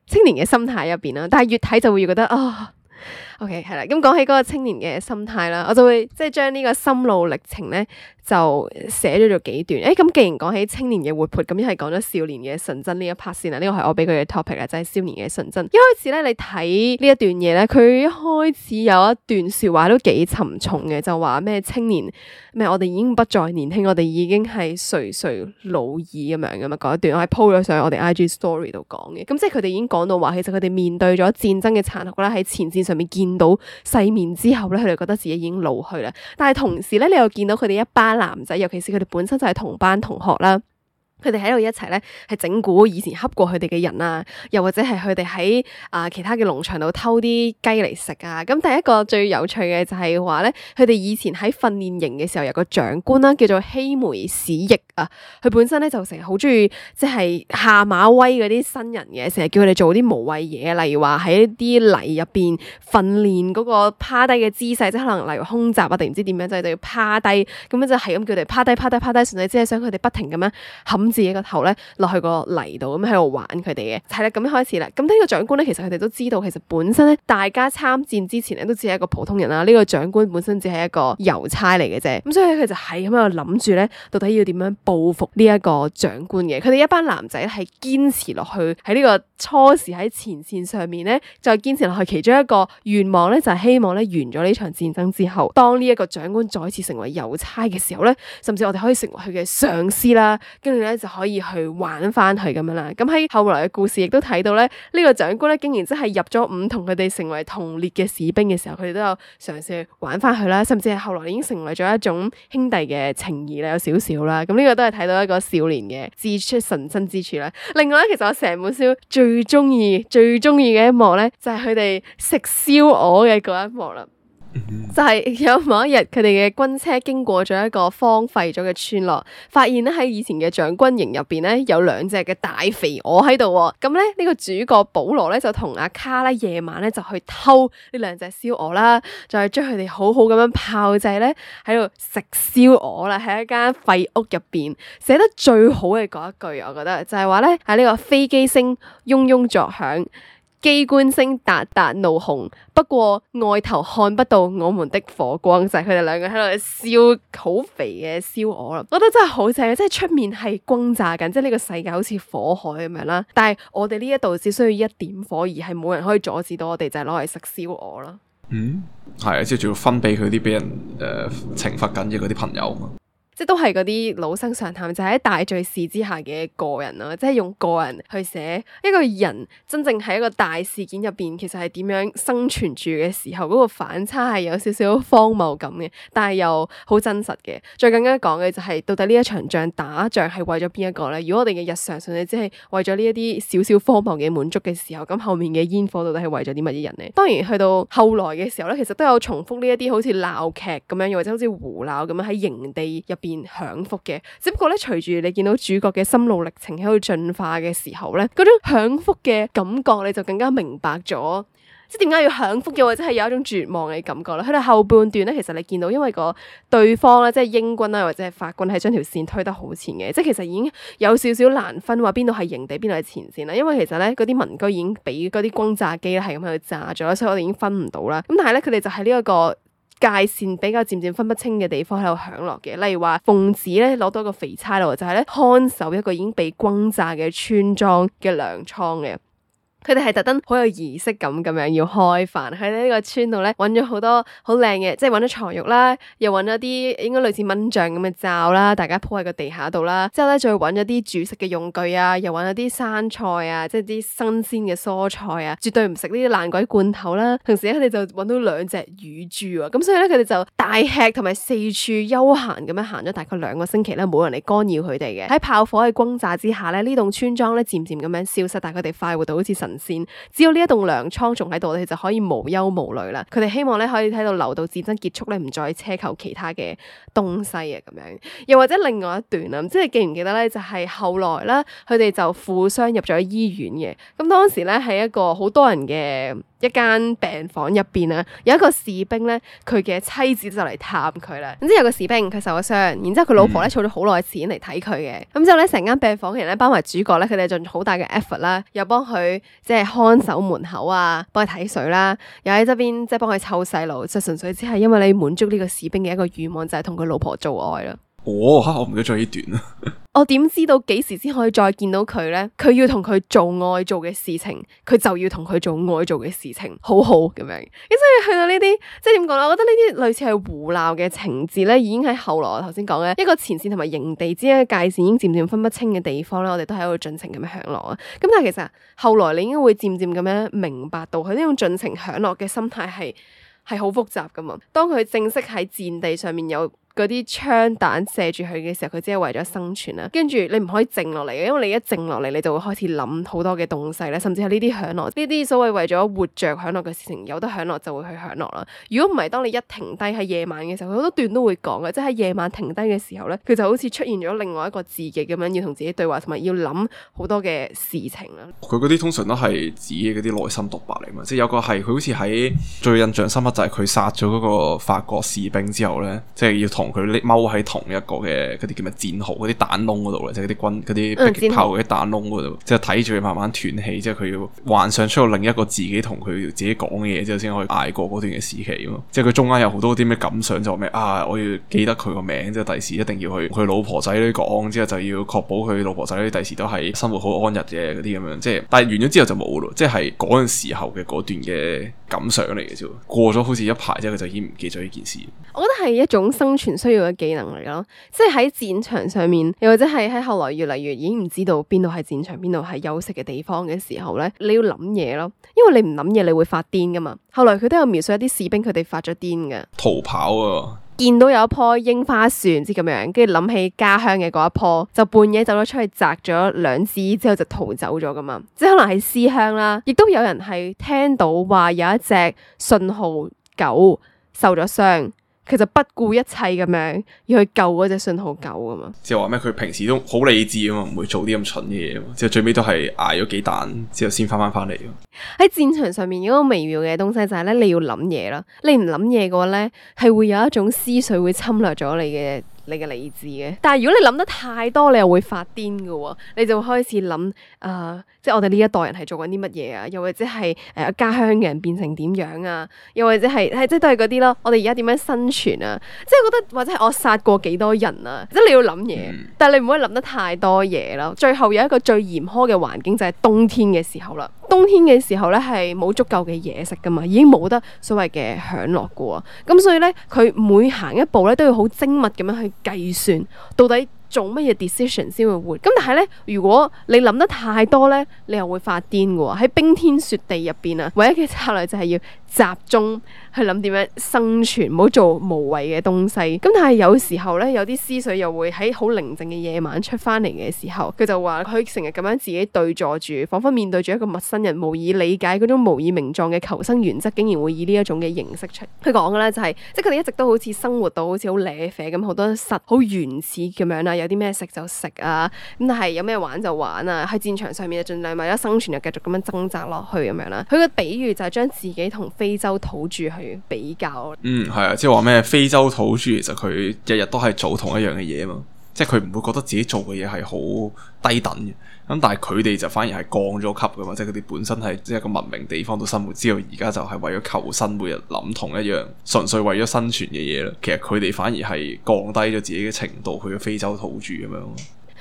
青年嘅心態入邊啦，但係越睇就會越覺得啊。哦 OK，係啦，咁講起嗰個青年嘅心態啦，我就會即係將呢個心路歷程咧就寫咗咗幾段。誒，咁既然講起青年嘅活潑，咁一係講咗少年嘅純真呢一拍先啦。呢個係我俾佢嘅 topic 啊，就係少年嘅純真。一開始咧，你睇呢一段嘢咧，佢一開始有一段説話都幾沉重嘅，就話咩青年咩我哋已經不再年輕，我哋已經係垂垂老矣咁樣噶嘛。嗰一段我係 po 咗上我哋 IG story 度講嘅。咁即係佢哋已經講到話，其實佢哋面對咗戰爭嘅殘酷啦，喺前線上面見。見到世面之後咧，佢哋覺得自己已經老去啦。但係同時咧，你又見到佢哋一班男仔，尤其是佢哋本身就係同班同學啦。佢哋喺度一齊咧，係整蠱以前恰過佢哋嘅人啊，又或者係佢哋喺啊其他嘅農場度偷啲雞嚟食啊。咁、嗯、第一個最有趣嘅就係話咧，佢哋以前喺訓練營嘅時候有個長官啦、啊，叫做希梅史翼啊。佢本身咧就成日好鍾意即係下馬威嗰啲新人嘅，成日叫佢哋做啲無謂嘢，例如話喺一啲泥入邊訓練嗰個趴低嘅姿勢，即係可能例如空襲啊定唔知點樣，就係要趴低咁樣就係咁叫佢哋趴低趴低趴低，純粹即係想佢哋不停咁樣冚自己個頭咧落去個泥度，咁喺度玩佢哋嘅係啦，咁開始啦。咁呢個長官咧，其實佢哋都知道，其實本身咧，大家參戰之前咧都只係一個普通人啦。呢個長官本身只係一個郵差嚟嘅啫。咁所以佢就係咁喺度諗住咧，到底要點樣報復呢一個長官嘅。佢哋一班男仔係堅持落去，喺呢個初時喺前線上面咧再堅持落去，其中一個願望咧就係希望咧，完咗呢場戰爭之後，當呢一個長官再次成為郵差嘅時候咧，甚至我哋可以成為佢嘅上司啦。跟住咧。就可以去玩翻佢咁樣啦。咁喺後來嘅故事亦都睇到咧，呢、呢個長官咧竟然真係入咗伍，同佢哋成為同列嘅士兵嘅時候，佢哋都有嘗試去玩翻佢啦。甚至係後來已經成為咗一種兄弟嘅情誼咧，有少少啦。咁呢個都係睇到一個少年嘅至出神身之處啦。另外咧，其實我成本書最中意、最中意嘅一幕咧，就係佢哋食燒鵝嘅嗰一幕啦。就係、是、有某一日，佢哋嘅軍車經過咗一個荒廢咗嘅村落，發現咧喺以前嘅將軍營入邊咧有兩隻嘅大肥鵝喺度。咁咧呢、這個主角保羅咧就同阿卡咧夜晚咧就去偷呢兩隻燒鵝啦，就係將佢哋好好咁樣炮製咧喺度食燒鵝啦，喺一間廢屋入邊寫得最好嘅嗰一句，我覺得就係話咧喺呢個飛機聲嗡嗡作響，機關聲達達怒吼，不過外頭看不到我們的火光，就係佢哋兩個喺度燒好肥嘅燒鵝啦。我覺得真係好正，即係出面係轟炸緊，即係呢個世界好似火海咁樣啦。但係我哋呢一度只需要一點火，而係冇人可以阻止到我哋，就係攞嚟食燒鵝啦。嗯，係，即係仲要分俾佢啲俾人誒懲罰緊嘅嗰啲朋友。即都係嗰啲老生常談，就係喺大敘事之下嘅個人咯，即係用個人去寫一個人真正喺一個大事件入邊，其實係點樣生存住嘅時候，嗰個反差係有少少荒謬感嘅，但係又好真實嘅。最更加講嘅就係到底呢一場仗打仗係為咗邊一個咧？如果我哋嘅日常上你只係為咗呢一啲少少荒謬嘅滿足嘅時候，咁後面嘅煙火到底係為咗啲乜嘢人咧？當然去到後來嘅時候咧，其實都有重複呢一啲好似鬧劇咁樣，又或者好似胡鬧咁樣喺營地入邊。享福嘅，只不過咧，隨住你見到主角嘅心路歷程喺度進化嘅時候咧，嗰種享福嘅感覺，你就更加明白咗，即係點解要享福嘅，或者係有一種絕望嘅感覺啦。佢哋後半段咧，其實你見到因為個對方咧，即係英軍啦，或者係法軍係將條線推得好前嘅，即係其實已經有少少難分話邊度係營地，邊度係前線啦。因為其實咧，嗰啲民居已經俾嗰啲轟炸機咧係咁喺度炸咗，所以我哋已經分唔到啦。咁但係咧，佢哋就喺呢一個。界線比較漸漸分不清嘅地方喺度響落嘅，例如話，奉旨咧攞到一個肥差咯，就係、是、看守一個已經被轟炸嘅村莊嘅糧倉。佢哋係特登好有儀式感咁樣要開飯喺呢個村度咧，揾咗好多好靚嘅，即係揾咗牀褥啦，又揾咗啲應該類似蚊帳咁嘅罩啦，大家鋪喺個地下度啦，之後咧再揾咗啲煮食嘅用具啊，又揾咗啲生菜啊，即係啲新鮮嘅蔬菜啊，絕對唔食呢啲爛鬼罐頭啦。平時咧，佢哋就揾到兩隻乳豬啊，咁所以咧佢哋就大吃同埋四處悠閒咁樣行咗大概兩個星期咧，冇人嚟干擾佢哋嘅。喺炮火嘅轟炸之下咧，呢棟村莊咧漸漸咁樣消失，但係佢哋快活到好似神先，只要呢一棟糧倉仲喺度，佢就可以無憂無慮啦。佢哋希望咧可以喺度留到戰爭結束咧，唔再奢求其他嘅東西啊，咁樣。又或者另外一段啊，唔知你記唔記得咧，就係、是、後來咧，佢哋就負傷入咗醫院嘅。咁當時咧係一個好多人嘅。一間病房入邊啊，有一個士兵咧，佢嘅妻子就嚟探佢啦。咁之後有個士兵佢受咗傷，然之後佢老婆咧儲咗好耐錢嚟睇佢嘅。咁之後咧，成間病房嘅人咧，包埋主角咧，佢哋盡咗好大嘅 effort 啦，又幫佢即係看守門口啊，幫佢睇水啦、啊，又喺側邊即係幫佢湊細路，就純粹只係因為你滿足呢個士兵嘅一個願望，就係同佢老婆做愛啦。我吓，我唔記得咗呢段啦。我點知道幾 時先可以再見到佢咧？佢要同佢做愛做嘅事情，佢就要同佢做愛做嘅事情，好好咁樣。咁所以去到呢啲，即係點講咧？我覺得呢啲類似係胡鬧嘅情節咧，已經喺後來我頭先講咧，一個前線同埋營地之間嘅界線已經漸漸分不清嘅地方咧，我哋都喺度盡情咁樣享樂啊。咁但係其實後來你應該會漸漸咁樣明白到，佢呢種盡情享樂嘅心態係係好複雜噶嘛。當佢正式喺戰地上面有。嗰啲槍彈射住佢嘅時候，佢只係為咗生存啦。跟住你唔可以靜落嚟嘅，因為你一靜落嚟，你就會開始諗好多嘅東西咧，甚至係呢啲享樂，呢啲所謂為咗活着享樂嘅事情，有得享樂就會去享樂啦。如果唔係，當你一停低喺夜晚嘅時候，佢好多段都會講嘅，即係夜晚停低嘅時候咧，佢就好似出現咗另外一個自己咁樣，要同自己對話，同埋要諗好多嘅事情啦。佢嗰啲通常都係自己嗰啲內心獨白嚟嘛，即係有個係佢好似喺最印象深刻就係佢殺咗嗰個法國士兵之後咧，即係要同。佢啲踎喺同一個嘅嗰啲叫咩戰壕嗰啲彈窿嗰度咧，即係啲軍嗰啲迫擊炮嗰啲彈窿嗰度，即係睇住佢慢慢斷氣，之後佢要幻想出到另一個自己同佢自己講嘅嘢之後先可以挨過嗰段嘅時期咯。即係佢中間有好多啲咩感想，就話咩啊，我要記得佢個名，即係第時一定要去佢老婆仔呢講，之後就要確保佢老婆仔呢第時都係生活好安逸嘅嗰啲咁樣。即係但係完咗之後就冇咯，即係嗰陣時候嘅嗰段嘅。感想嚟嘅啫，過咗好似一排之後，佢就已經唔記咗呢件事。我覺得係一種生存需要嘅技能嚟咯，即係喺戰場上面，又或者係喺後來越嚟越已經唔知道邊度係戰場，邊度係休息嘅地方嘅時候咧，你要諗嘢咯，因為你唔諗嘢，你會發癲㗎嘛。後來佢都有描述一啲士兵，佢哋發咗癲嘅逃跑啊。見到有一棵櫻花樹，即咁樣，跟住諗起家鄉嘅嗰一棵，就半夜走咗出去摘咗兩支之後就逃走咗噶嘛，即係可能係思鄉啦。亦都有人係聽到話有一隻信號狗受咗傷。佢就不顧一切咁樣要去救嗰隻信號狗啊嘛，即係話咩？佢平時都好理智啊嘛，唔會做啲咁蠢嘅嘢，即係最尾都係挨咗幾彈之後先翻翻翻嚟。喺戰場上面有個微妙嘅東西就係咧，你要諗嘢啦，你唔諗嘢嘅話咧，係會有一種思緒會侵略咗你嘅，你嘅理智嘅，但係如果你諗得太多，你又會發癲㗎喎，你就會開始諗，誒，即係我哋呢一代人係做緊啲乜嘢啊？又或者係誒家鄉嘅人變成點樣啊？又或者係係即係都係嗰啲咯，我哋而家點樣生存啊？即係覺得或者係我殺過幾多人啊？即係你要諗嘢，嗯、但係你唔可以諗得太多嘢咯。最後有一個最嚴苛嘅環境就係冬天嘅時候啦。冬天嘅時候咧，係冇足夠嘅嘢食噶嘛，已經冇得所謂嘅享樂噶喎。咁所以咧，佢每行一步咧，都要好精密咁樣去計算，到底做乜嘢 decision 先會活。咁但係咧，如果你諗得太多咧，你又會發癲噶喎。喺冰天雪地入邊啊，唯一嘅策略就係要集中。去諗點樣生存，唔好做無謂嘅東西。咁但係有時候咧，有啲思緒又會喺好寧靜嘅夜晚出翻嚟嘅時候，佢就話佢成日咁樣自己對坐住，仿佛面對住一個陌生人，無以理解嗰種無以名狀嘅求生原則，竟然會以呢一種嘅形式出。佢講嘅咧就係、是，即係佢哋一直都好似生活到好似好野啡咁，好多實好原始咁樣啦，有啲咩食就食啊，咁但係有咩玩就玩啊。喺戰場上面就盡量為咗生存就繼續咁樣掙扎落去咁樣啦。佢個比喻就係將自己同非洲土著。比較。嗯，係啊，即係話咩非洲土著其實佢日日都係做同一樣嘅嘢嘛，即係佢唔會覺得自己做嘅嘢係好低等嘅，咁但係佢哋就反而係降咗級㗎嘛，即係佢哋本身係即係一個文明地方度生活，之後而家就係為咗求生，每日諗同一樣，純粹為咗生存嘅嘢咯。其實佢哋反而係降低咗自己嘅程度，去咗非洲土著咁樣。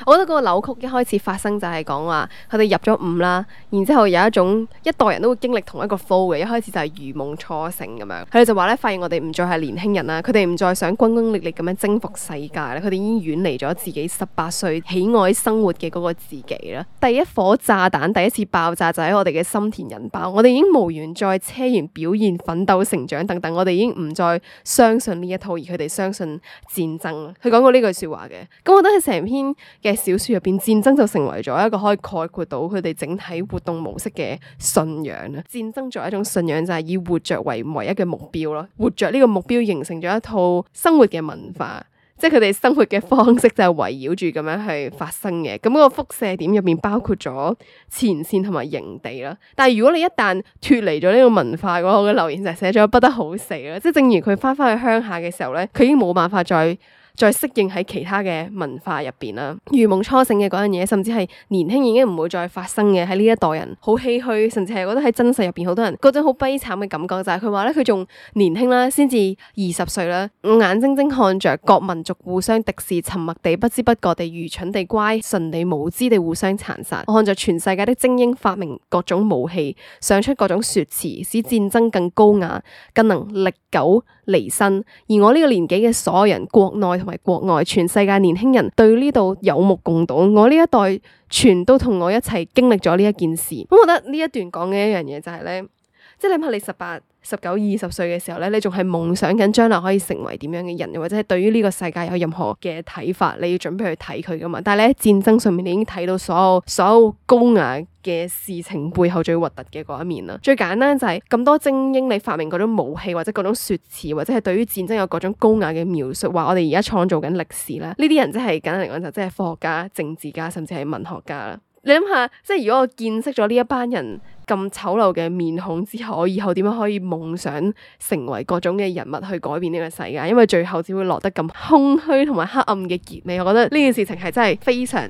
我覺得嗰個扭曲一開始發生就係講話佢哋入咗伍啦，然之後有一種一代人都會經歷同一個 flow 嘅，一開始就係如夢初醒咁樣。佢哋就話咧，發現我哋唔再係年輕人啦，佢哋唔再想轟轟烈烈咁樣征服世界啦，佢哋已經遠離咗自己十八歲喜愛生活嘅嗰個自己啦。第一顆炸彈，第一次爆炸就喺我哋嘅心田引爆。我哋已經無緣再奢言表現、奮鬥、成長等等，我哋已經唔再相信呢一套，而佢哋相信戰爭啦。佢講過呢句説話嘅。咁我覺得成篇嘅。嘅小說入邊，戰爭就成為咗一個可以概括到佢哋整體活動模式嘅信仰啦。戰爭作為一種信仰，就係以活着為唯一嘅目標咯。活着呢個目標形成咗一套生活嘅文化，即係佢哋生活嘅方式就係圍繞住咁樣去發生嘅。咁嗰個輻射點入邊包括咗前綫同埋營地啦。但係如果你一旦脫離咗呢個文化嘅話，我嘅留言就係寫咗不得好死啦。即係正如佢翻翻去鄉下嘅時候咧，佢已經冇辦法再。再適應喺其他嘅文化入邊啦，如夢初醒嘅嗰樣嘢，甚至係年輕已經唔會再發生嘅喺呢一代人，好唏噓，甚至係覺得喺真實入邊好多人嗰種好悲慘嘅感覺就係佢話咧，佢仲年輕啦，先至二十歲啦，我眼睜睜看着各民族互相敵視，沉默地、不知不覺地、愚蠢地乖、乖順地、無知地互相殘殺，看着全世界的精英發明各種武器，想出各種説辭，使戰爭更高雅、更能歷久。離身，而我呢個年紀嘅所有人，國內同埋國外，全世界年輕人對呢度有目共睹。我呢一代全都同我一齊經歷咗呢一件事，咁、嗯、我覺得呢一段講嘅一樣嘢就係、是、咧。即係諗下，你十八、十九、二十歲嘅時候咧，你仲係夢想緊將來可以成為點樣嘅人，或者係對於呢個世界有任何嘅睇法，你要準備去睇佢噶嘛？但係你喺戰爭上面，你已經睇到所有所有高雅嘅事情背後最核突嘅嗰一面啦。最簡單就係咁多精英，你發明嗰種武器，或者嗰種說辭，或者係對於戰爭有各種高雅嘅描述，話我哋而家創造緊歷史啦。呢啲人即係簡單嚟講就即係科學家、政治家，甚至係文學家啦。你諗下，即係如果我見識咗呢一班人。咁醜陋嘅面孔之後，我以後點樣可以夢想成為各種嘅人物去改變呢個世界？因為最後只會落得咁空虛同埋黑暗嘅結尾。我覺得呢件事情係真係非常。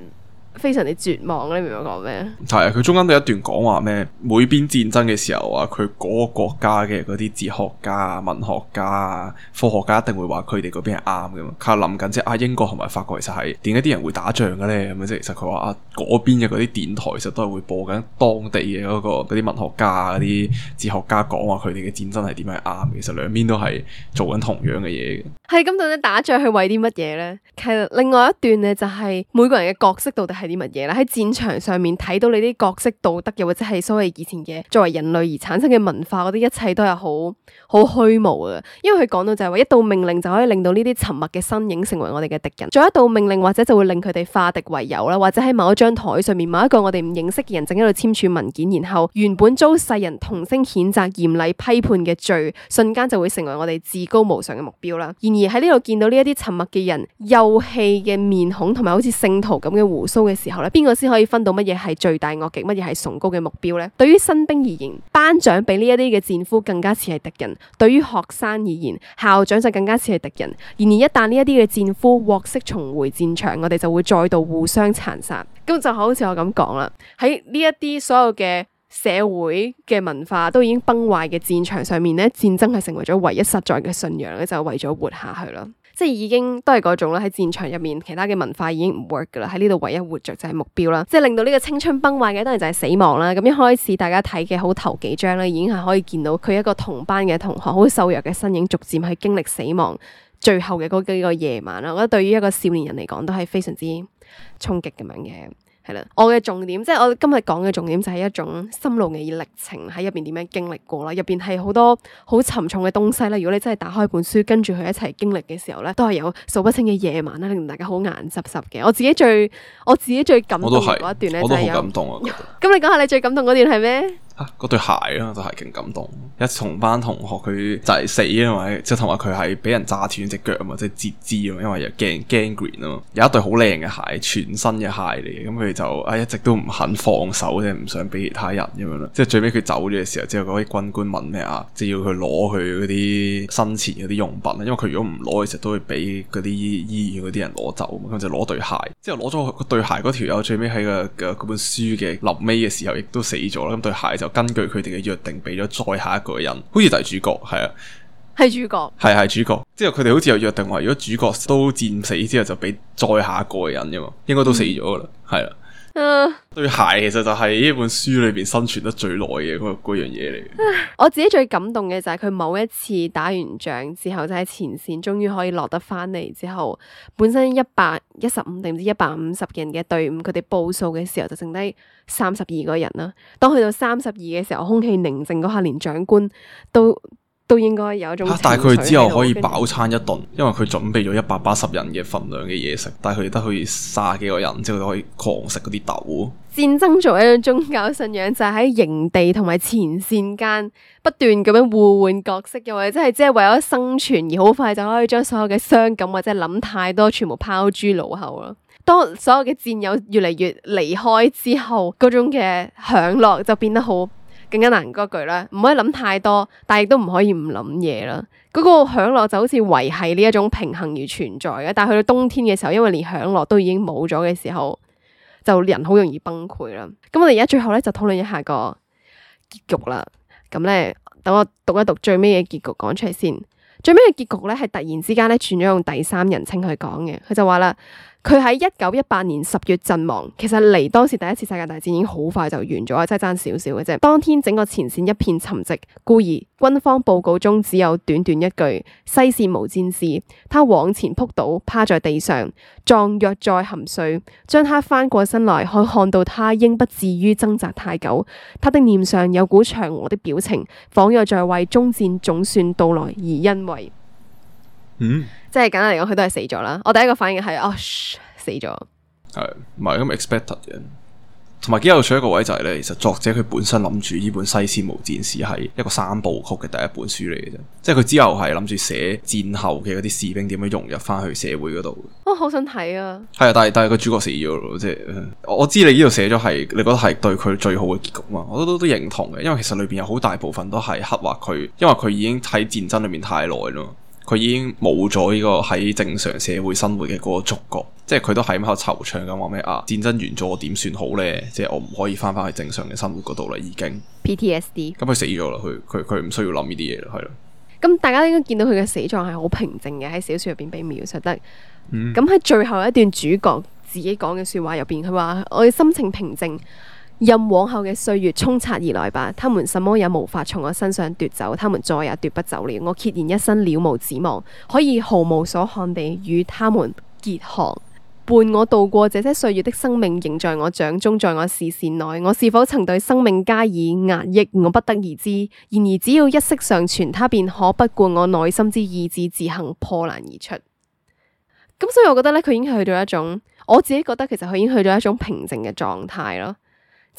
非常之絕望，你明唔明我講咩？係啊，佢中間都有一段講話咩？每邊戰爭嘅時候啊，佢嗰個國家嘅嗰啲哲學家啊、文學家啊、科學家一定會話佢哋嗰邊係啱嘅。佢諗緊即係啊，英國同埋法國其實係點解啲人會打仗嘅咧？咁樣即係其實佢話啊，嗰邊嘅嗰啲電台其實都係會播緊當地嘅嗰個嗰啲文學家嗰啲哲學家講話佢哋嘅戰爭係點樣啱。其實兩邊都係做緊同樣嘅嘢嘅。係咁，到底打仗係為啲乜嘢咧？其實另外一段咧就係每個人嘅角色到底，係啲乜嘢啦？喺戰場上面睇到你啲角色道德又或者係所謂以前嘅作為人類而產生嘅文化嗰啲一切都，都係好好虛無嘅。因為佢講到就係、是、話，一道命令就可以令到呢啲沉默嘅身影成為我哋嘅敵人；，再一道命令或者就會令佢哋化敵為友啦。或者喺某一張台上面，某一個我哋唔認識嘅人正喺度簽署文件，然後原本遭世人同聲譴責、嚴厲批判嘅罪，瞬間就會成為我哋至高無上嘅目標啦。然而喺呢度見到呢一啲沉默嘅人，幼氣嘅面孔同埋好似聖徒咁嘅胡鬚。嘅時候咧，邊個先可以分到乜嘢係罪大惡極，乜嘢係崇高嘅目標呢？對於新兵而言，班長比呢一啲嘅戰俘更加似係敵人；對於學生而言，校長就更加似係敵人。然而，一旦呢一啲嘅戰俘獲釋重回戰場，我哋就會再度互相殘殺。咁就好似我咁講啦，喺呢一啲所有嘅社會嘅文化都已經崩壞嘅戰場上面呢，戰爭係成為咗唯一實在嘅信仰，就係為咗活下去啦。即係已經都係嗰種啦，喺戰場入面，其他嘅文化已經唔 work 噶啦，喺呢度唯一活著就係目標啦。即係令到呢個青春崩壞嘅當然就係死亡啦。咁一開始大家睇嘅好頭幾章咧，已經係可以見到佢一個同班嘅同學，好瘦弱嘅身影，逐漸去經歷死亡最後嘅嗰幾個夜晚啦。我覺得對於一個少年人嚟講，都係非常之衝擊咁樣嘅。係啦，我嘅重點，即係我今日講嘅重點就係一種心路嘅歷程喺入邊點樣經歷過啦，入邊係好多好沉重嘅東西啦。如果你真係打開本書跟住佢一齊經歷嘅時候咧，都係有數不清嘅夜晚啦，令大家好眼濕濕嘅。我自己最我自己最感動嗰一段咧，真係有感動啊。咁 你講下你最感動嗰段係咩？嗰、啊、對鞋咯，對鞋勁感動。一同班同學佢就係死因為，即係同埋佢係俾人炸斷隻腳啊嘛，即係截肢啊嘛，因為又驚 gangrene 啊嘛。有一對好靚嘅鞋，全新嘅鞋嚟嘅，咁、嗯、佢就唉、啊、一直都唔肯放手即係，唔想俾其他人咁樣啦。即係最尾佢走咗嘅時候，之後嗰啲軍官問咩啊，即係要佢攞佢嗰啲生前嗰啲用品啊。因為佢如果唔攞，其實都會俾嗰啲醫院嗰啲人攞走嘛。咁就攞對鞋，之後攞咗個對鞋嗰條友最尾喺、那個嗰本書嘅臨尾嘅時候，亦都死咗啦。咁對鞋就～根據佢哋嘅約定，俾咗再下一個人，好似就係主角，係啊，係主角，係係、啊、主角。之後佢哋好似有約定話，如果主角都戰死之後，就俾再下一個人啫嘛，應該都死咗啦，係啦、嗯。對鞋其實就係呢本書裏邊生存得最耐嘅嗰嗰樣嘢嚟。Uh, 我自己最感動嘅就係佢某一次打完仗之後，就喺前線，終於可以落得翻嚟之後，本身一百一十五定唔知一百五十人嘅隊伍，佢哋報數嘅時候就剩低三十二個人啦。當去到三十二嘅時候，空氣寧靜嗰下，連長官都。都應該有種、啊、但係佢之後可以飽餐一頓，因為佢準備咗一百八十人嘅份量嘅嘢食，但係佢得可以卅幾個人，之後就可以狂食嗰啲豆。戰爭作為一種宗教信仰，就係喺營地同埋前線間不斷咁樣互換角色嘅，或者係即係為咗生存而好快就可以將所有嘅傷感或者諗太多，全部拋諸腦後咯。當所有嘅戰友越嚟越離開之後，嗰種嘅享樂就變得好。更加難嗰句啦，唔可以諗太多，但亦都唔可以唔諗嘢啦。嗰個享樂就好似維繫呢一種平衡而存在嘅，但係去到冬天嘅時候，因為連享樂都已經冇咗嘅時候，就人好容易崩潰啦。咁我哋而家最後咧就討論一下個結局啦。咁咧，等我讀一讀最尾嘅結局講出嚟先。最尾嘅結局咧係突然之間咧轉咗用第三人稱去講嘅，佢就話啦。佢喺一九一八年十月陣亡，其實離當時第一次世界大戰已經好快就完咗，真係爭少少嘅啫。當天整個前線一片沉寂，故而軍方報告中只有短短一句：西線無戰事。他往前撲倒，趴在地上，狀若在酣睡。將他翻過身來，可看到他應不至於掙扎太久。他的臉上有股祥和的表情，仿若在為終戰總算到來而欣慰。嗯。即係簡單嚟講，佢都係死咗啦。我第一個反應係，哦，死咗。係，唔係咁 expect 嘅。同埋，幾有趣一個位就係咧，其實作者佢本身諗住呢本《西線無戰事》係一個三部曲嘅第一本書嚟嘅啫。即係佢之後係諗住寫戰後嘅嗰啲士兵點樣融入翻去社會嗰度。哦，好想睇啊！係啊，但係但係個主角死咗咯，即係我知你呢度寫咗係，你覺得係對佢最好嘅結局嘛？我都都都認同嘅，因為其實裏邊有好大部分都係刻畫佢，因為佢已經喺戰爭裏面太耐咯。佢已經冇咗呢個喺正常社會生活嘅嗰個觸覺，即係佢都喺咁惆悵咁話咩啊？戰爭完咗，我點算好呢？」即係我唔可以翻翻去正常嘅生活嗰度啦，已經。PTSD，咁佢死咗啦，佢佢佢唔需要諗呢啲嘢啦，係咯。咁大家應該見到佢嘅死狀係好平靜嘅，喺小說入邊俾描述得。咁喺、嗯、最後一段主角自己講嘅說話入邊，佢話我嘅心情平靜。任往後嘅歲月沖刷而來吧，他們什麼也無法從我身上奪走，他們再也奪不走了。我孑然一身了無指望，可以毫無所看地與他們結合，伴我度過這些歲月的生命，仍在我掌中，在我視線內。我是否曾對生命加以壓抑？我不得而知。然而，只要一息尚存，他便可不顧我內心之意志，自行破難而出。咁所以我覺得呢，佢已經去到一種，我自己覺得其實佢已經去到一種平靜嘅狀態咯。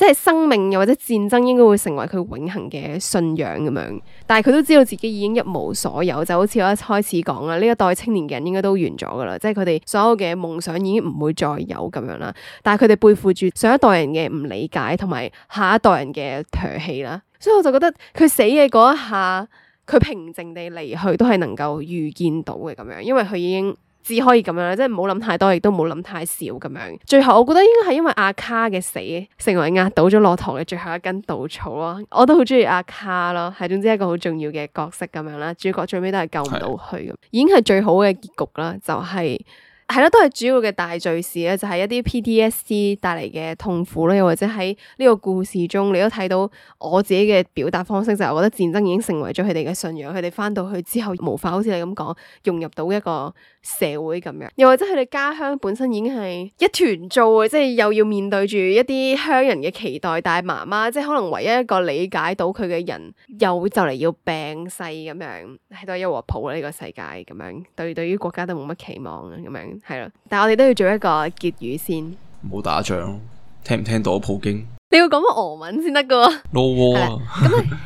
即係生命又或者戰爭應該會成為佢永恆嘅信仰咁樣，但係佢都知道自己已經一無所有，就好似我一開始講啦，呢一代青年嘅人應該都完咗噶啦，即係佢哋所有嘅夢想已經唔會再有咁樣啦。但係佢哋背負住上一代人嘅唔理解同埋下一代人嘅唾棄啦，所以我就覺得佢死嘅嗰一下，佢平靜地離去都係能夠預見到嘅咁樣，因為佢已經。只可以咁樣，即係唔好諗太多，亦都唔好諗太少咁樣。最後，我覺得應該係因為阿卡嘅死成為壓倒咗駱駝嘅最後一根稻草咯。我都好中意阿卡咯，係總之一個好重要嘅角色咁樣啦。主角最尾都係救唔到佢。咁，是的 已經係最好嘅結局啦。就係、是。係咯，都係主要嘅大敘事咧，就係、是、一啲 PTSD 帶嚟嘅痛苦咧，又或者喺呢個故事中，你都睇到我自己嘅表達方式就係、是，我覺得戰爭已經成為咗佢哋嘅信仰，佢哋翻到去之後，無法好似你咁講融入到一個社會咁樣，又或者佢哋家鄉本身已經係一團糟啊，即係又要面對住一啲鄉人嘅期待，但係媽媽即係可能唯一一個理解到佢嘅人，又就嚟要病逝咁樣，喺度一鑊泡呢個世界咁樣，對，對於國家都冇乜期望啊咁樣。係咯，但係我哋都要做一個結語先。唔好打仗，聽唔聽到普京？你要講俄文先得噶。No，係啦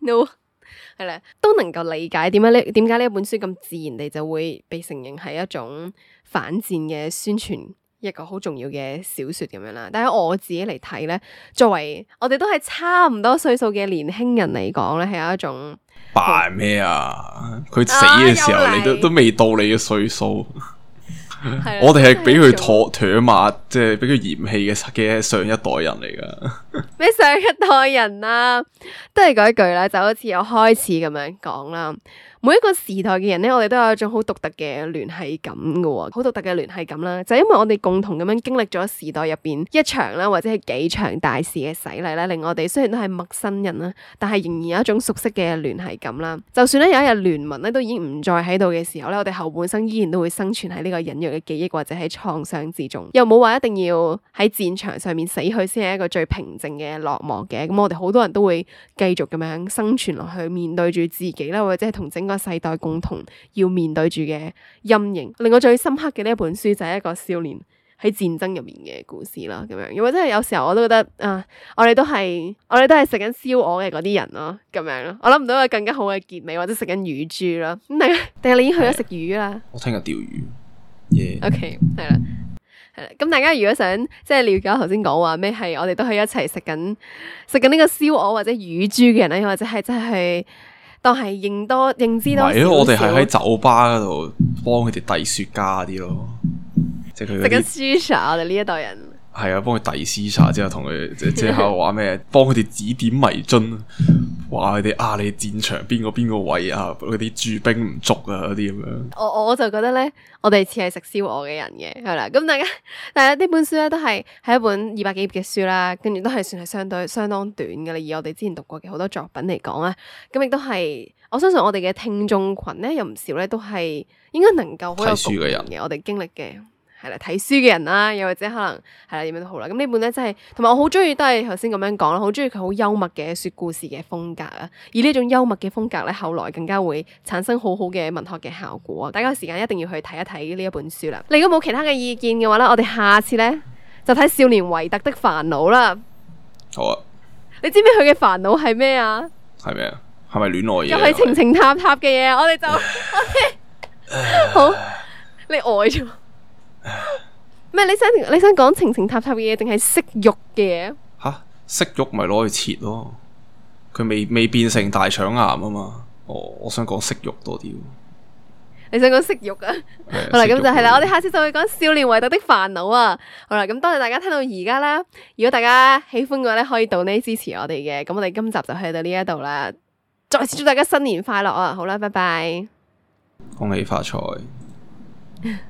，no，係啦，都能夠理解點解呢？點解呢一本書咁自然地就會被承認係一種反戰嘅宣傳， 一個好重要嘅小說咁樣啦。但係我自己嚟睇咧，作為我哋都係差唔多歲數嘅年輕人嚟講咧，係有一種。爸咩啊？佢、啊、死嘅時候，來你都都未到你嘅歲數。 我哋係俾佢唾唾罵，即係俾佢嫌棄嘅嘅上一代人嚟噶。咩上一代人啊？都係嗰一句啦，就好似我開始咁樣講啦。每一個時代嘅人咧，我哋都有一種好獨特嘅聯繫感㗎喎，好獨特嘅聯繫感啦，就因為我哋共同咁樣經歷咗時代入邊一場啦，或者係幾場大事嘅洗禮啦，令我哋雖然都係陌生人啦，但係仍然有一種熟悉嘅聯繫感啦。就算咧有一日聯盟咧都已經唔再喺度嘅時候咧，我哋後半生依然都會生存喺呢個隱約嘅記憶或者喺創傷之中，又冇話一定要喺戰場上面死去先係一個最平靜嘅落寞嘅。咁我哋好多人都會繼續咁樣生存落去，面對住自己啦，或者係同整。個世代共同要面對住嘅陰影，令我最深刻嘅呢一本書就係一個少年喺戰爭入面嘅故事啦。咁樣又或者係有時候我都覺得啊，我哋都係我哋都係食緊燒鵝嘅嗰啲人咯，咁樣咯。我諗唔到有更加好嘅結尾，或者食緊乳豬啦。定定係你已經去咗食是魚啦？我聽日釣魚。Yeah. OK，係啦，係啦。咁大家如果想即係、就是、了解頭先講話咩，係我哋都係一齊食緊食緊呢個燒鵝或者乳豬嘅人咧，或者係真係。當係認多認知多，咪咯、啊？我哋係喺酒吧嗰度幫佢哋遞雪茄啲咯，即係佢哋食緊 shisha，我哋呢一代人係啊，幫佢遞 shisha，之後同佢即係話咩，幫佢哋指點迷津。話你哋阿里戰場邊個邊個位啊？嗰啲駐兵唔足啊，嗰啲咁樣。我我就覺得咧，我哋似係食燒鵝嘅人嘅，係啦。咁大家，但係呢本書咧都係係一本二百幾頁嘅書啦，跟住都係算係相對相當短㗎啦。以我哋之前讀過嘅好多作品嚟講啦，咁亦都係我相信我哋嘅聽眾群咧，有唔少咧都係應該能夠睇書嘅人嘅，我哋經歷嘅。係啦，睇書嘅人啦，又或者可能係啦，點樣都好啦。咁呢本咧，真係同埋我好中意，都係頭先咁樣講啦，好中意佢好幽默嘅說故事嘅風格啊。而呢種幽默嘅風格咧，後來更加會產生好好嘅文學嘅效果。大家有時間一定要去睇一睇呢一本書啦。你如果冇其他嘅意見嘅話咧，我哋下次咧就睇《少年維特的煩惱》啦。好啊。你知唔知佢嘅煩惱係咩啊？係咩？係咪戀愛嘢？就係情情塔塔嘅嘢。我哋就，好，你呆咗。咩唉你想你想講情情塔塔嘅嘢，定係色欲嘅嘢？吓，色欲咪攞去切咯，佢未未變成大腸癌啊嘛。哦，我想講色欲多啲。你想講色欲啊？好啦，咁就係啦。我哋下次就會講少年維特的煩惱啊。嗯、好啦，咁多謝大家聽到而家啦。如果大家喜歡嘅話咧，可以到呢支持我哋嘅。咁我哋今集就去到呢一度啦。再次祝大家新年快樂啊！好啦，拜拜，恭喜發財。